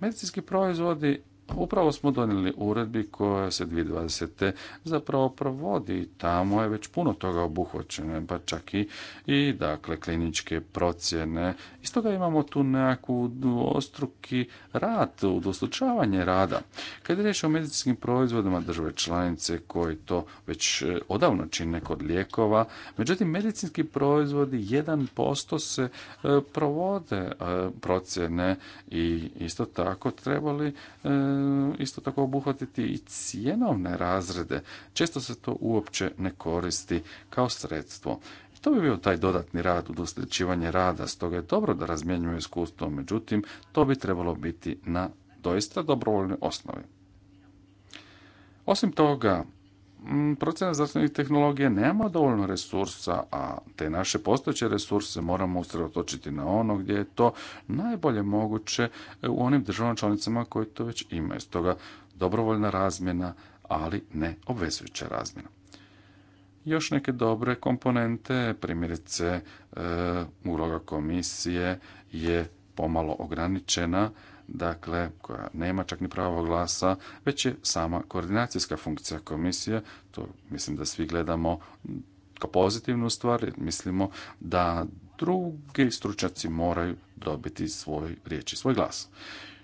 medicinski proizvodi Upravo smo donijeli uredbi koja se 2020. zapravo provodi. Tamo je već puno toga obuhvaćeno, pa čak i, i dakle, kliničke procjene. Iz toga imamo tu nekakvu dvostruki rad, udostučavanje rada. Kad je riječ o medicinskim proizvodima države članice koji to već e, odavno čine kod lijekova, međutim medicinski proizvodi 1% se e, provode e, procjene i isto tako trebali isto tako obuhvatiti i cijenovne razrede. Često se to uopće ne koristi kao sredstvo. To bi bio taj dodatni rad, udosličivanje rada, stoga je dobro da razmjenjujemo iskustvo, međutim, to bi trebalo biti na doista dobrovoljnoj osnovi. Osim toga, Mm, procena zdravstvenih tehnologija nema dovoljno resursa, a te naše postojeće resurse moramo usredotočiti na ono gdje je to najbolje moguće e, u onim državama članicama koje to već imaju. Stoga dobrovoljna razmjena, ali ne obvezujuća razmjena. Još neke dobre komponente, primjerice e, uloga komisije je pomalo ograničena dakle, koja nema čak ni pravo glasa, već je sama koordinacijska funkcija komisije. To mislim da svi gledamo kao pozitivnu stvar, mislimo da drugi stručnjaci moraju dobiti svoj i svoj glas.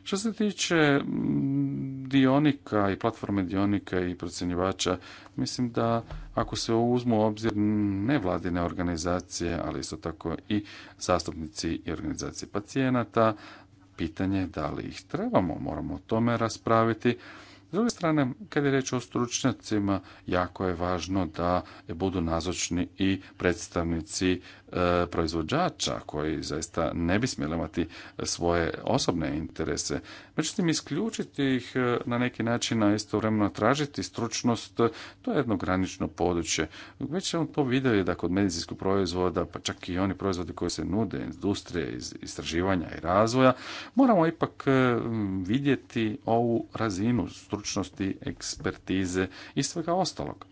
Što se tiče mm, dionika i platforme dionika i procjenjivača, mislim da ako se uzmu u obzir nevladine organizacije, ali isto tako i zastupnici i organizacije pacijenata, pitanje da li ih trebamo, moramo o tome raspraviti. S druge strane, kad je riječ o stručnjacima, jako je važno da budu nazočni i predstavnici E, proizvođača koji zaista ne bi smjeli imati svoje osobne interese. Međutim, isključiti ih e, na neki način, a istovremeno tražiti stručnost, to je jedno granično područje. Već smo to vidjeli da kod medicinskog proizvoda, pa čak i oni proizvodi koji se nude, industrije, iz istraživanja i razvoja, moramo ipak e, vidjeti ovu razinu stručnosti, ekspertize i svega ostalog.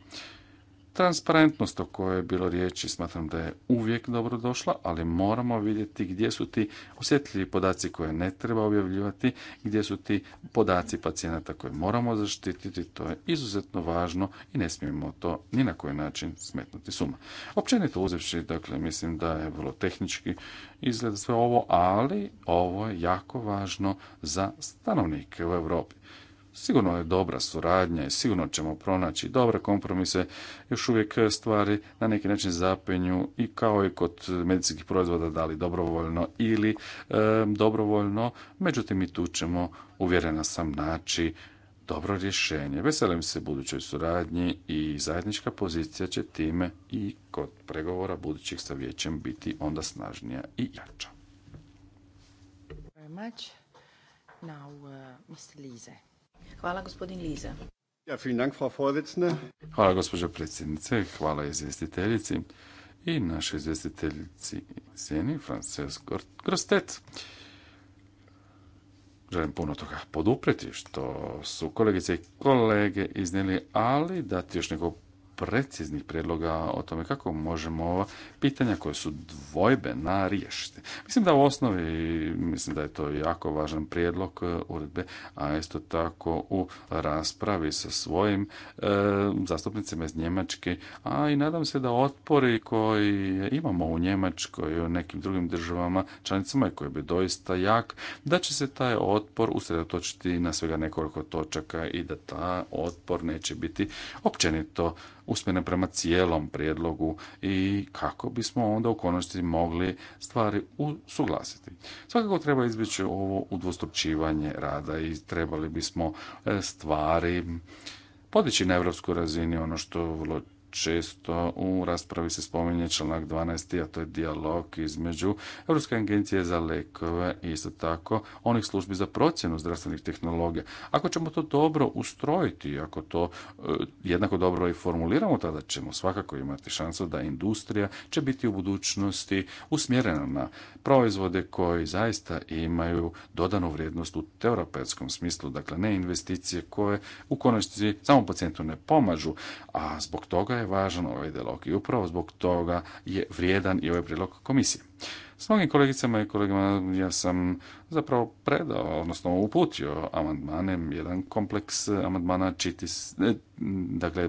Transparentnost o kojoj je bilo riječi smatram da je uvijek dobro došla, ali moramo vidjeti gdje su ti osjetljivi podaci koje ne treba objavljivati, gdje su ti podaci pacijenata koje moramo zaštititi, to je izuzetno važno i ne smijemo to ni na koji način smetnuti suma. Općenito uzevši, dakle, mislim da je vrlo tehnički izgled sve ovo, ali ovo je jako važno za stanovnike u Europi. Sigurno je dobra suradnja i sigurno ćemo pronaći dobre kompromise. Još uvijek stvari na neki način zapenju i kao i kod medicinskih proizvoda da li dobrovoljno ili e, dobrovoljno. Međutim i tu ćemo, uvjerena sam, naći dobro rješenje. Veselim se budućoj suradnji i zajednička pozicija će time i kod pregovora budućih sa vijećem biti onda snažnija i jača. Now, uh, Mr. Hvala gospodin Liza. Hvala gospođo predsjednice, hvala izvjestiteljici i našoj izvjestiteljici Sjeni, Frances Grostet. Želim puno toga podupreti što su kolegice i kolege iznijeli, ali dati još nekog preciznih prijedloga o tome kako možemo ova pitanja koja su dvojbena riješiti. Mislim da u osnovi, mislim da je to jako važan prijedlog e, uredbe, a isto tako u raspravi sa svojim e, zastupnicima iz Njemačke, a i nadam se da otpori koji imamo u Njemačkoj i u nekim drugim državama članicama koji bi doista jak, da će se taj otpor usredotočiti na svega nekoliko točaka i da ta otpor neće biti općenito uspjene prema cijelom prijedlogu i kako bismo onda u konačnici mogli stvari usuglasiti. Svakako treba izbjeći ovo udvostručivanje rada i trebali bismo e, stvari podići na europskoj razini ono što vrlo često u raspravi se spominje članak 12. a to je dijalog između Europske agencije za lekove i isto tako onih službi za procjenu zdravstvenih tehnologija. Ako ćemo to dobro ustrojiti, ako to e, jednako dobro i formuliramo, tada ćemo svakako imati šansu da industrija će biti u budućnosti usmjerena na proizvode koji zaista imaju dodanu vrijednost u terapeutskom smislu, dakle ne investicije koje u konačnici samom pacijentu ne pomažu, a zbog toga je važan ovaj dialog i upravo zbog toga je vrijedan i ovaj prilog komisije. S mnogim kolegicama i kolegama ja sam zapravo predao, odnosno uputio amandmane jedan kompleks amandmana čitis, e, dakle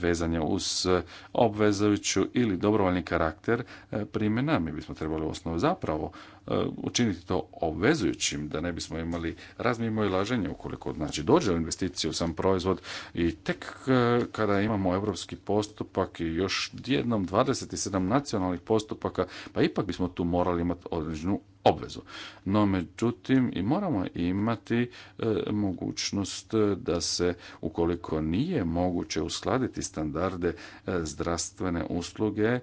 vezan uz obvezajuću ili dobrovoljni karakter e, primjena. Mi bismo trebali u osnovu zapravo e, učiniti to obvezujućim, da ne bismo imali razmimo i laženje ukoliko znači, dođe u investiciju sam proizvod i tek kada imamo evropski postupak i još jednom 27 nacionalnih postupaka, pa ipak bismo tu morali imati određenu obvezu. No, međutim, i moramo imati e, mogućnost e, da se, ukoliko nije moguće uskladiti standarde e, zdravstvene usluge,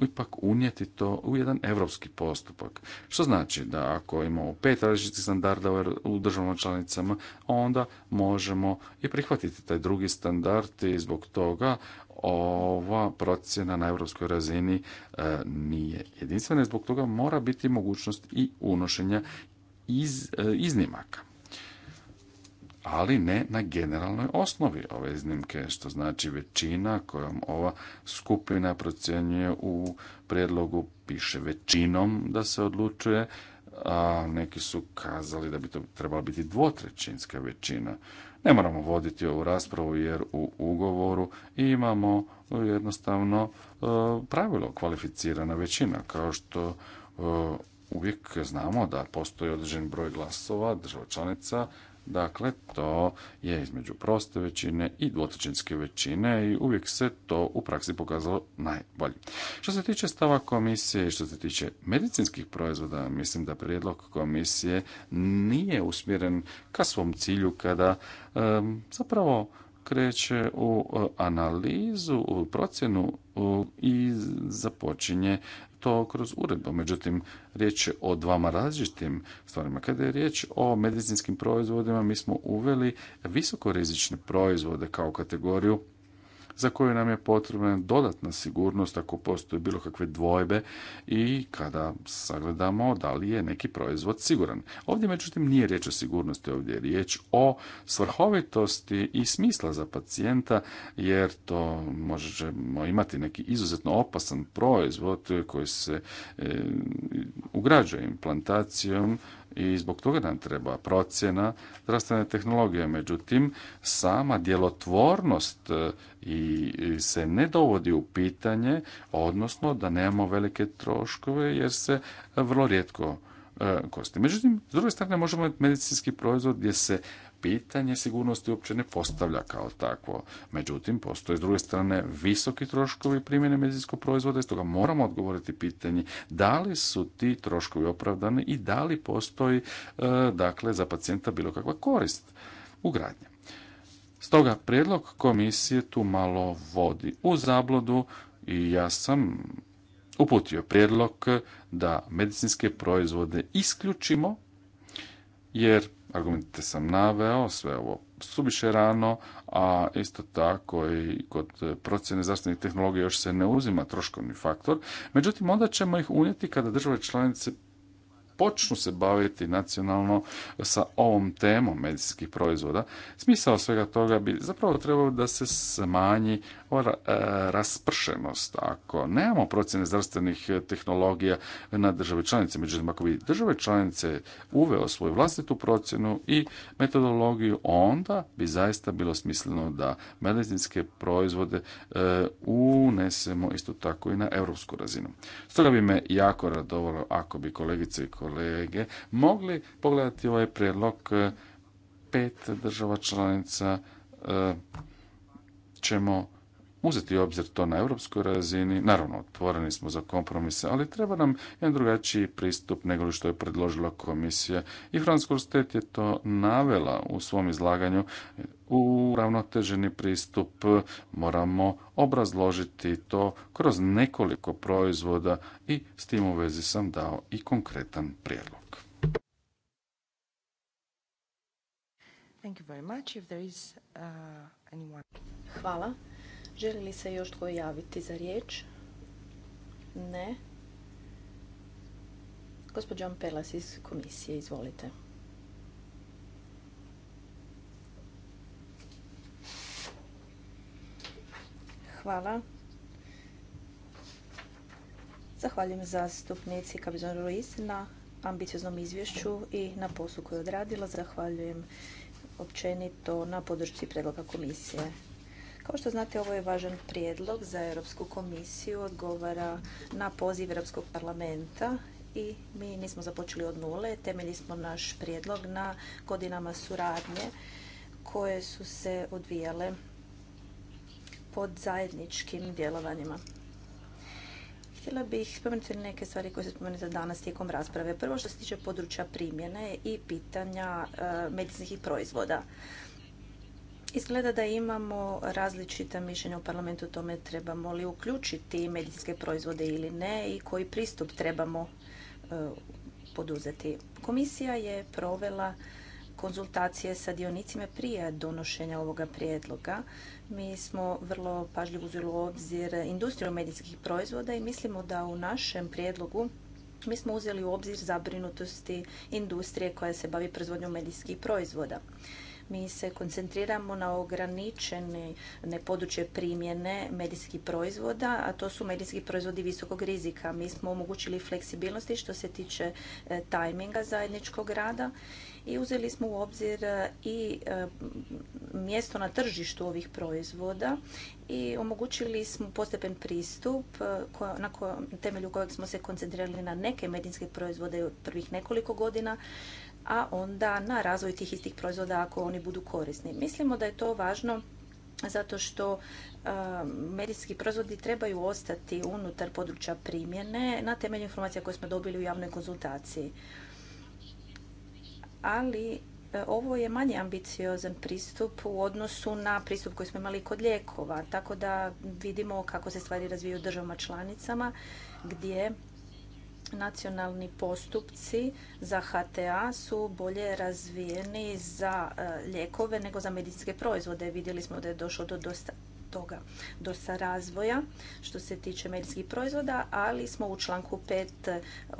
ipak unijeti to u jedan evropski postupak. Što znači da ako imamo pet različitih standarda u er, državama članicama, onda možemo i prihvatiti taj drugi standard i zbog toga ova procjena na europskoj razini e, nije jedinstvena i zbog toga mora biti mogućnost i unošenja iz, e, iznimaka ali ne na generalnoj osnovi ove iznimke, što znači većina kojom ova skupina procjenjuje u prijedlogu piše većinom da se odlučuje, a neki su kazali da bi to trebala biti dvotrećinska većina. Ne moramo voditi ovu raspravu jer u ugovoru imamo jednostavno e, pravilo kvalificirana većina, kao što e, uvijek znamo da postoji određen broj glasova država članica Dakle, to je između proste većine i dvotrećinske većine i uvijek se to u praksi pokazalo najbolje. Što se tiče stava komisije i što se tiče medicinskih proizvoda, mislim da prijedlog komisije nije usmjeren ka svom cilju kada zapravo kreće u e, analizu, u procjenu i započinje to kroz uredbu. Međutim, riječ je o dvama različitim stvarima. Kada je riječ o medicinskim proizvodima, mi smo uveli visokorizične proizvode kao kategoriju za koju nam je potrebna dodatna sigurnost ako postoje bilo kakve dvojbe i kada sagledamo da li je neki proizvod siguran. Ovdje međutim nije riječ o sigurnosti, ovdje je riječ o svrhovitosti i smisla za pacijenta jer to možemo imati neki izuzetno opasan proizvod koji se e, ugrađuje implantacijom i zbog toga nam treba procjena zdravstvene tehnologije. Međutim, sama djelotvornost e, i se ne dovodi u pitanje, odnosno da nemamo velike troškove jer se vrlo rijetko e, kosti. Međutim, s druge strane možemo imati medicinski proizvod gdje se pitanje sigurnosti uopće ne postavlja kao takvo. Međutim, postoje s druge strane visoki troškovi primjene medicinskog proizvoda stoga moramo odgovoriti pitanje da li su ti troškovi opravdani i da li postoji e, dakle za pacijenta bilo kakva korist u ugradnje. Stoga prijedlog komisije tu malo vodi u zablodu i ja sam uputio prijedlog da medicinske proizvode isključimo jer argumente sam naveo, sve ovo suviše rano, a isto tako i kod procjene zdravstvenih tehnologija još se ne uzima troškovni faktor. Međutim, onda ćemo ih unijeti kada države članice počnu se baviti nacionalno sa ovom temom medicinskih proizvoda. Smisao svega toga bi zapravo trebalo da se smanji ova e, raspršenost. Ako nemamo procjene zdravstvenih tehnologija na države članice, međutim ako bi države članice uveo svoju vlastitu procjenu i metodologiju, onda bi zaista bilo smisleno da medicinske proizvode e, unesemo isto tako i na europsku razinu. Stoga bi me jako radovalo ako bi kolegice i kolegice kolege mogli pogledati ovaj prijedlog e, pet država članica e, ćemo uzeti obzir to na europskoj razini. Naravno, otvoreni smo za kompromise, ali treba nam jedan drugačiji pristup nego što je predložila komisija. I Franz je to navela u svom izlaganju. U ravnoteženi pristup moramo obrazložiti to kroz nekoliko proizvoda i s tim u vezi sam dao i konkretan prijedlog. Thank you very much. If there is, uh, anyone... Hvala. Želi li se još tko javiti za riječ? Ne. Gospođa Ampelas iz komisije, izvolite. Hvala. Zahvaljujem zastupnici Kabizon Ruiz na ambicioznom izvješću i na poslu koju je odradila. Zahvaljujem općenito na podršci predloga komisije. Kao što znate, ovo je važan prijedlog za Europsku komisiju, odgovara na poziv Europskog parlamenta i mi nismo započeli od nule, temelji smo naš prijedlog na godinama suradnje koje su se odvijale pod zajedničkim djelovanjima. Htjela bih spomenuti neke stvari koje su spomenute danas tijekom rasprave. Prvo što se tiče područja primjene i pitanja e, medicinskih proizvoda. Izgleda da imamo različita mišljenja u parlamentu o tome trebamo li uključiti medicinske proizvode ili ne i koji pristup trebamo e, poduzeti. Komisija je provela konzultacije sa dionicima prije donošenja ovoga prijedloga. Mi smo vrlo pažljivo uzeli u obzir industriju medicinskih proizvoda i mislimo da u našem prijedlogu mi smo uzeli u obzir zabrinutosti industrije koja se bavi proizvodnjom medijskih proizvoda mi se koncentriramo na ograničene područje primjene medijskih proizvoda, a to su medijski proizvodi visokog rizika. Mi smo omogućili fleksibilnosti što se tiče e, tajminga zajedničkog rada i uzeli smo u obzir e, i e, mjesto na tržištu ovih proizvoda i omogućili smo postepen pristup na temelju kojeg smo se koncentrirali na neke medijske proizvode od prvih nekoliko godina a onda na razvoj tih istih proizvoda ako oni budu korisni. Mislimo da je to važno zato što e, medijski proizvodi trebaju ostati unutar područja primjene na temelju informacija koje smo dobili u javnoj konzultaciji. Ali e, ovo je manje ambiciozan pristup u odnosu na pristup koji smo imali kod lijekova, tako da vidimo kako se stvari razvijaju u državama članicama gdje nacionalni postupci za HTA su bolje razvijeni za e, lijekove nego za medicinske proizvode. Vidjeli smo da je došlo do dosta toga dosta razvoja što se tiče medijskih proizvoda, ali smo u članku 5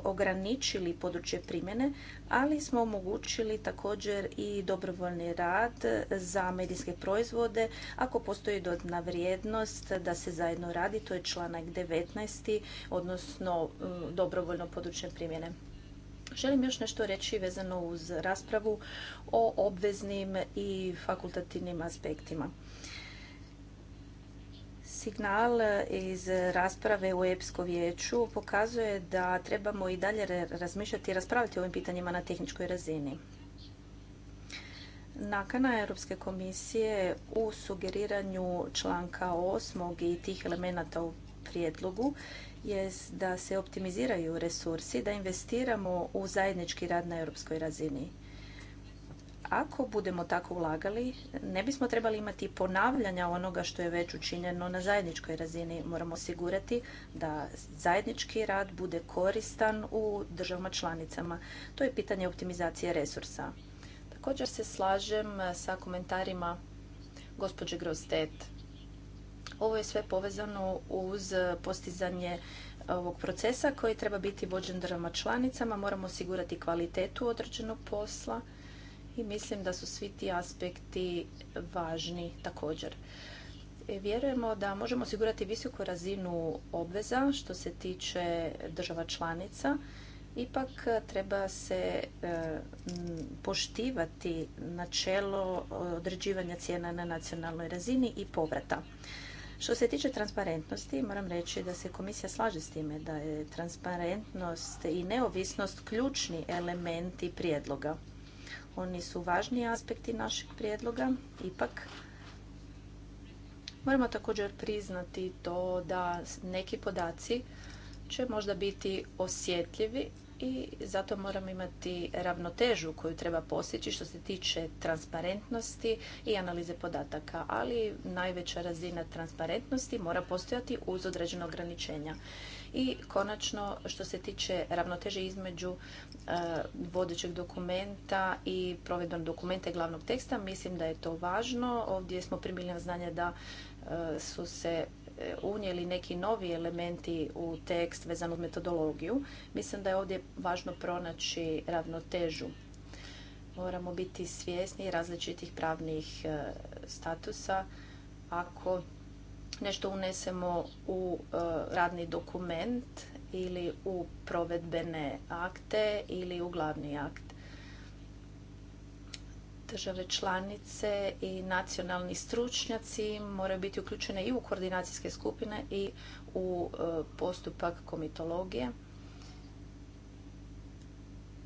ograničili područje primjene, ali smo omogućili također i dobrovoljni rad za medijske proizvode ako postoji dodatna vrijednost da se zajedno radi, to je članak 19, odnosno mm, dobrovoljno područje primjene. Želim još nešto reći vezano uz raspravu o obveznim i fakultativnim aspektima. Signal iz rasprave u EPSKO vijeću pokazuje da trebamo i dalje razmišljati i raspraviti o ovim pitanjima na tehničkoj razini. Nakana Europske komisije u sugeriranju članka 8. i tih elemenata u prijedlogu je da se optimiziraju resursi, da investiramo u zajednički rad na europskoj razini. Ako budemo tako ulagali, ne bismo trebali imati ponavljanja onoga što je već učinjeno na zajedničkoj razini. Moramo osigurati da zajednički rad bude koristan u državama članicama. To je pitanje optimizacije resursa. Također se slažem sa komentarima gospođe Grostet. Ovo je sve povezano uz postizanje ovog procesa koji treba biti vođen državama članicama. Moramo osigurati kvalitetu određenog posla i mislim da su svi ti aspekti važni također. E, vjerujemo da možemo osigurati visoku razinu obveza što se tiče država članica. Ipak e, treba se e, poštivati načelo određivanja cijena na nacionalnoj razini i povrata. Što se tiče transparentnosti, moram reći da se komisija slaže s time da je transparentnost i neovisnost ključni elementi prijedloga. Oni su važniji aspekti našeg prijedloga, ipak moramo također priznati to da neki podaci će možda biti osjetljivi i zato moramo imati ravnotežu koju treba postići što se tiče transparentnosti i analize podataka, ali najveća razina transparentnosti mora postojati uz određena ograničenja. I konačno što se tiče ravnoteže između e, vodećeg dokumenta i provedbenog dokumenta i glavnog teksta, mislim da je to važno. Ovdje smo primili na znanje da e, su se e, unijeli neki novi elementi u tekst vezan uz metodologiju. Mislim da je ovdje važno pronaći ravnotežu. Moramo biti svjesni različitih pravnih statusa ako nešto unesemo u e, radni dokument ili u provedbene akte ili u glavni akt. Države članice i nacionalni stručnjaci moraju biti uključene i u koordinacijske skupine i u e, postupak komitologije,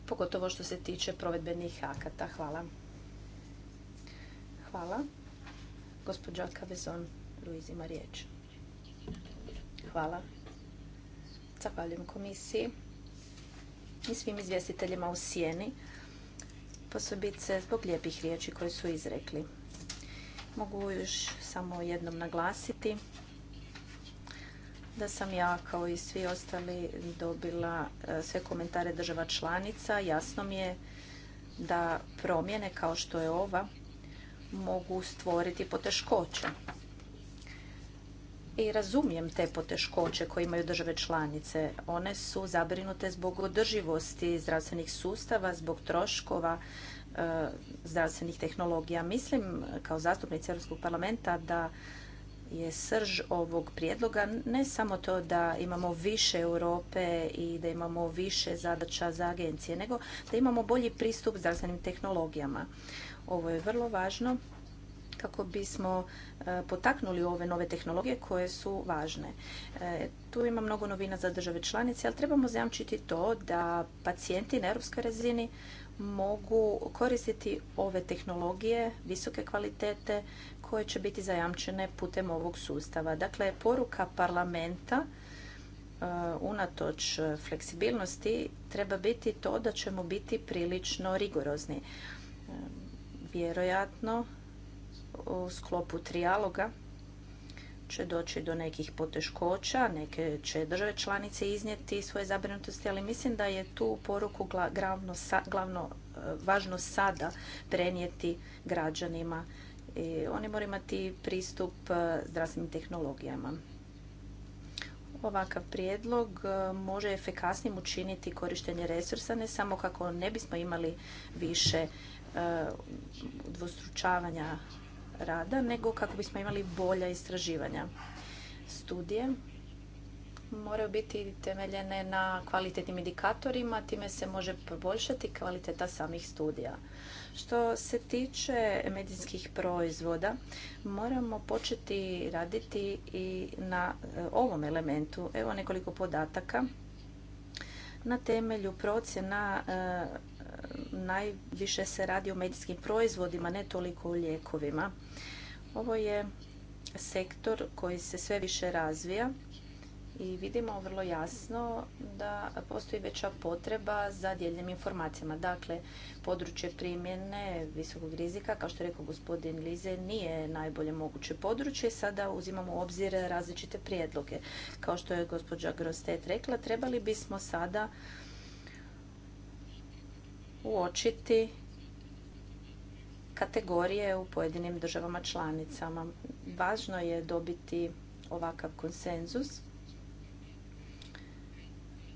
pogotovo što se tiče provedbenih akata. Hvala. Hvala. Gospođa Kavezon uzima riječ. Hvala. Zahvaljujem komisiji i svim izvjestiteljima u sjeni, posobice zbog lijepih riječi koje su izrekli. Mogu još samo jednom naglasiti da sam ja kao i svi ostali dobila e, sve komentare država članica. Jasno mi je da promjene kao što je ova mogu stvoriti poteškoće i razumijem te poteškoće koje imaju države članice. One su zabrinute zbog održivosti zdravstvenih sustava, zbog troškova e, zdravstvenih tehnologija. Mislim kao zastupnici Europskog parlamenta da je srž ovog prijedloga ne samo to da imamo više Europe i da imamo više zadaća za agencije, nego da imamo bolji pristup zdravstvenim tehnologijama. Ovo je vrlo važno kako bismo e, potaknuli ove nove tehnologije koje su važne. E, tu ima mnogo novina za države članice, ali trebamo zajamčiti to da pacijenti na europskoj razini mogu koristiti ove tehnologije visoke kvalitete koje će biti zajamčene putem ovog sustava. Dakle, poruka parlamenta e, unatoč fleksibilnosti treba biti to da ćemo biti prilično rigorozni. Vjerojatno u sklopu trijaloga će doći do nekih poteškoća, neke će države članice iznijeti svoje zabrinutosti, ali mislim da je tu poruku glavno, glavno eh, važno sada prenijeti građanima. I oni moraju imati pristup eh, zdravstvenim tehnologijama. Ovakav prijedlog eh, može efekasnim učiniti korištenje resursa, ne samo kako ne bismo imali više dvostručavanja rada, nego kako bismo imali bolja istraživanja. Studije moraju biti temeljene na kvalitetnim indikatorima, time se može poboljšati kvaliteta samih studija. Što se tiče medicinskih proizvoda, moramo početi raditi i na e, ovom elementu. Evo nekoliko podataka na temelju procjena e, najviše se radi o medijskim proizvodima, ne toliko o lijekovima. Ovo je sektor koji se sve više razvija i vidimo vrlo jasno da postoji veća potreba za dijeljenim informacijama. Dakle, područje primjene visokog rizika, kao što je rekao gospodin Lize, nije najbolje moguće područje. Sada uzimamo u obzir različite prijedloge. Kao što je gospođa Grostet rekla, trebali bismo sada uočiti kategorije u pojedinim državama članicama. Važno je dobiti ovakav konsenzus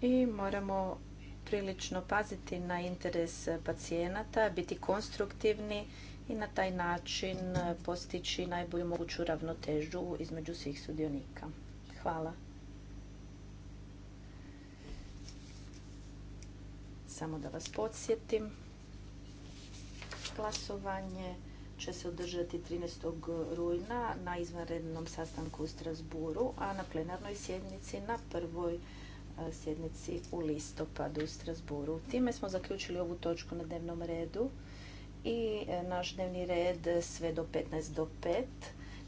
i moramo prilično paziti na interes pacijenata, biti konstruktivni i na taj način postići najbolju moguću ravnotežu između svih sudionika. Hvala. Samo da vas podsjetim. Glasovanje će se održati 13. rujna na izvanrednom sastanku u Strasburu, a na plenarnoj sjednici na prvoj e, sjednici u listopadu u Strasburu. Time smo zaključili ovu točku na dnevnom redu i e, naš dnevni red sve do 15 do 5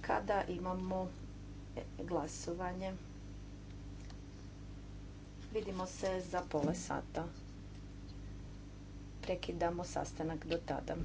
kada imamo e, glasovanje. Vidimo se za pola sata prekidamo sastanak do tada.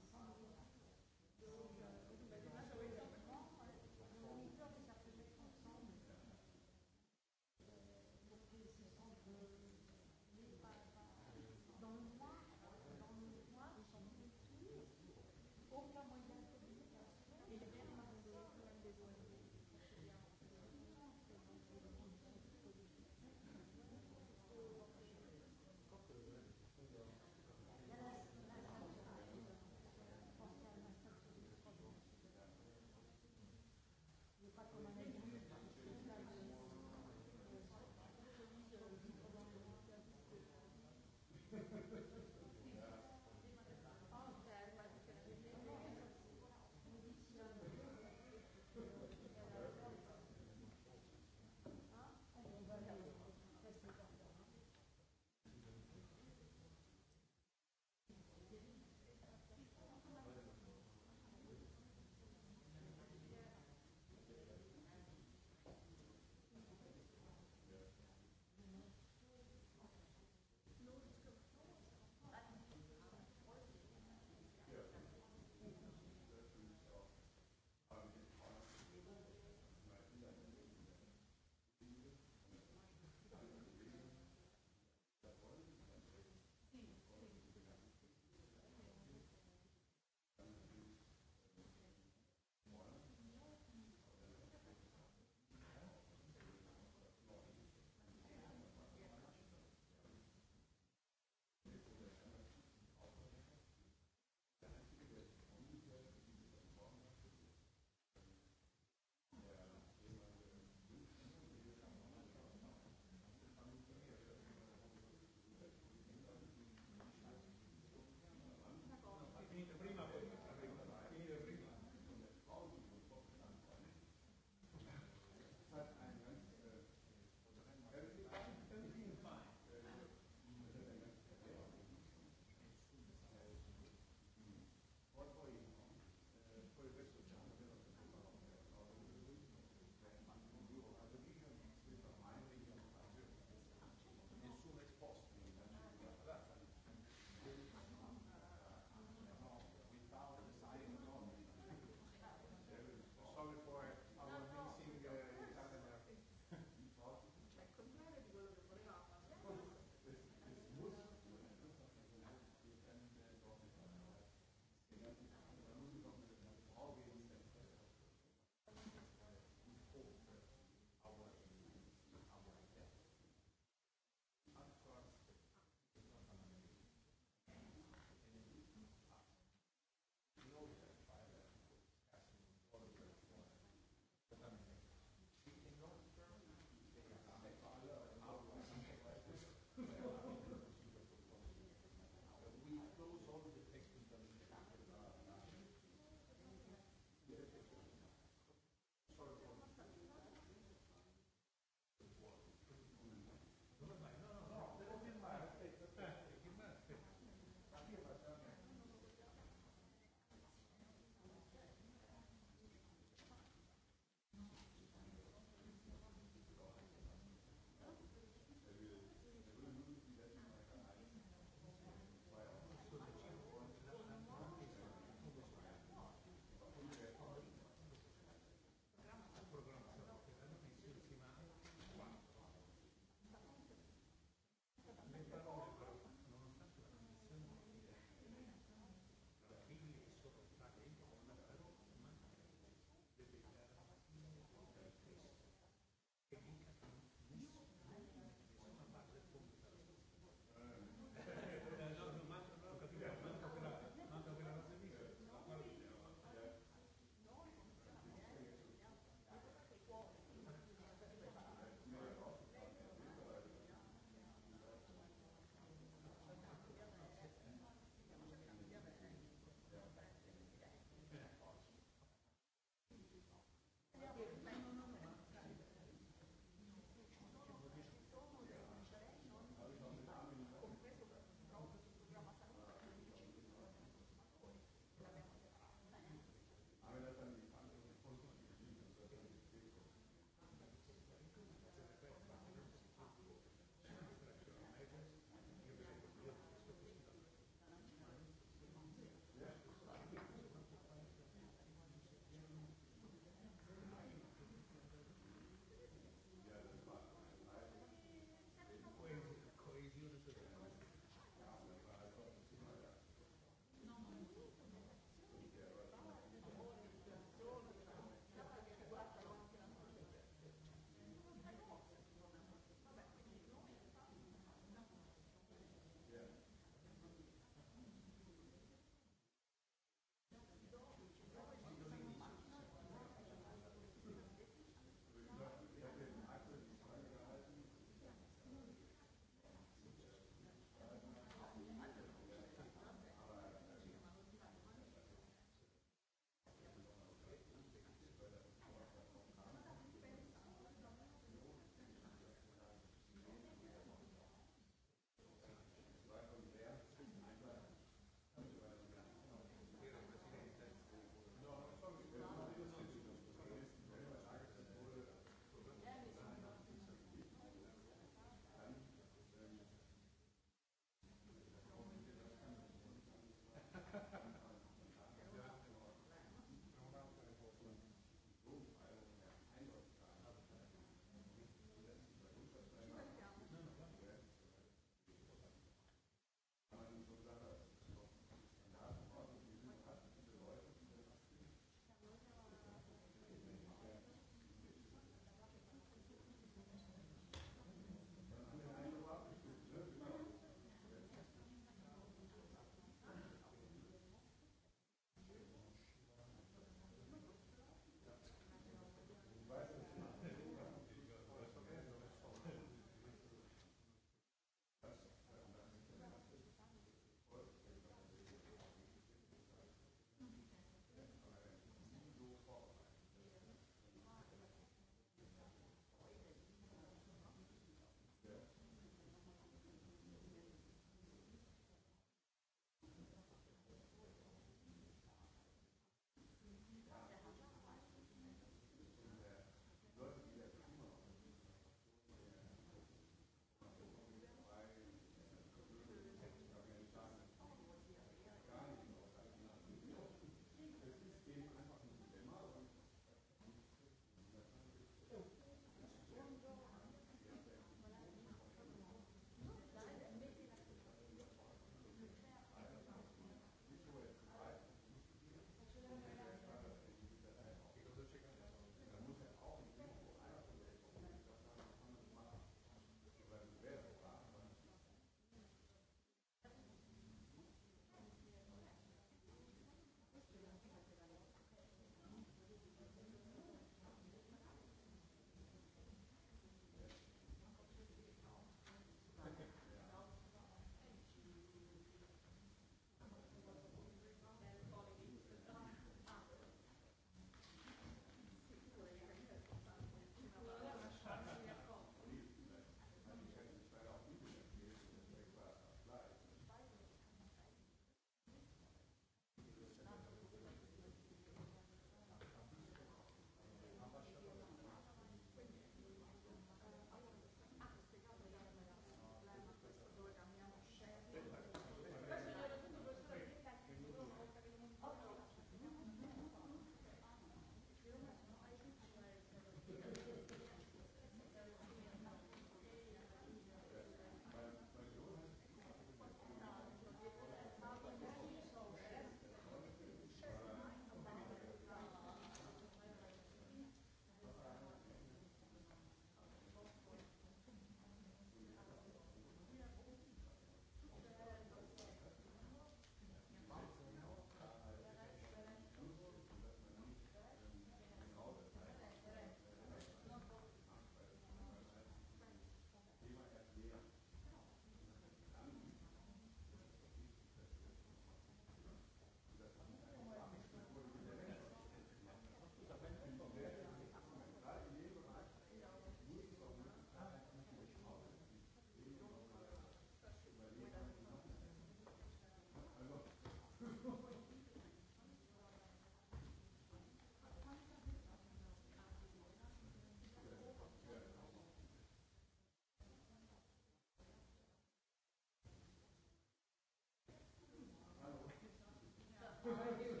Thank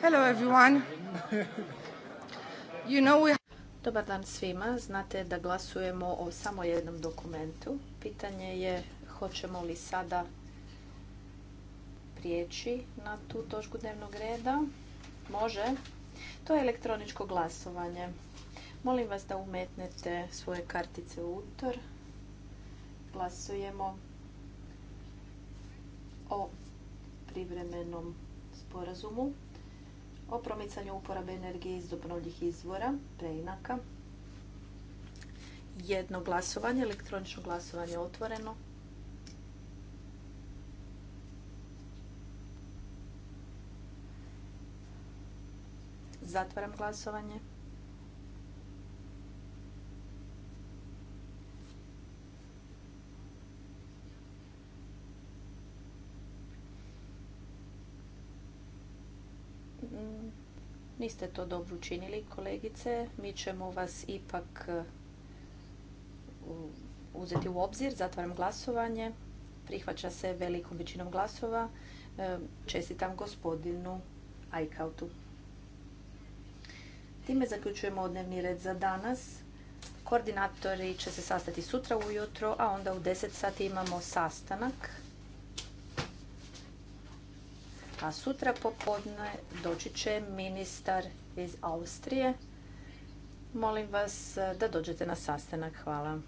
Hello Dobar dan svima. Znate da glasujemo o samo jednom dokumentu. Pitanje je hoćemo li sada prijeći na tu točku dnevnog reda. Može. To je elektroničko glasovanje. Molim vas da umetnete svoje kartice u utor. Glasujemo o privremenom sporazumu o promicanju uporabe energije iz obnovljivih izvora, preinaka. Jedno glasovanje, elektronično glasovanje otvoreno. Zatvaram glasovanje. Niste to dobro učinili, kolegice. Mi ćemo vas ipak e, uzeti u obzir. Zatvaram glasovanje. Prihvaća se velikom većinom glasova. E, čestitam gospodinu Ajkautu. Time zaključujemo dnevni red za danas. Koordinatori će se sastati sutra ujutro, a onda u 10 sati imamo sastanak a sutra popodne doći će ministar iz Austrije. Molim vas da dođete na sastanak. Hvala.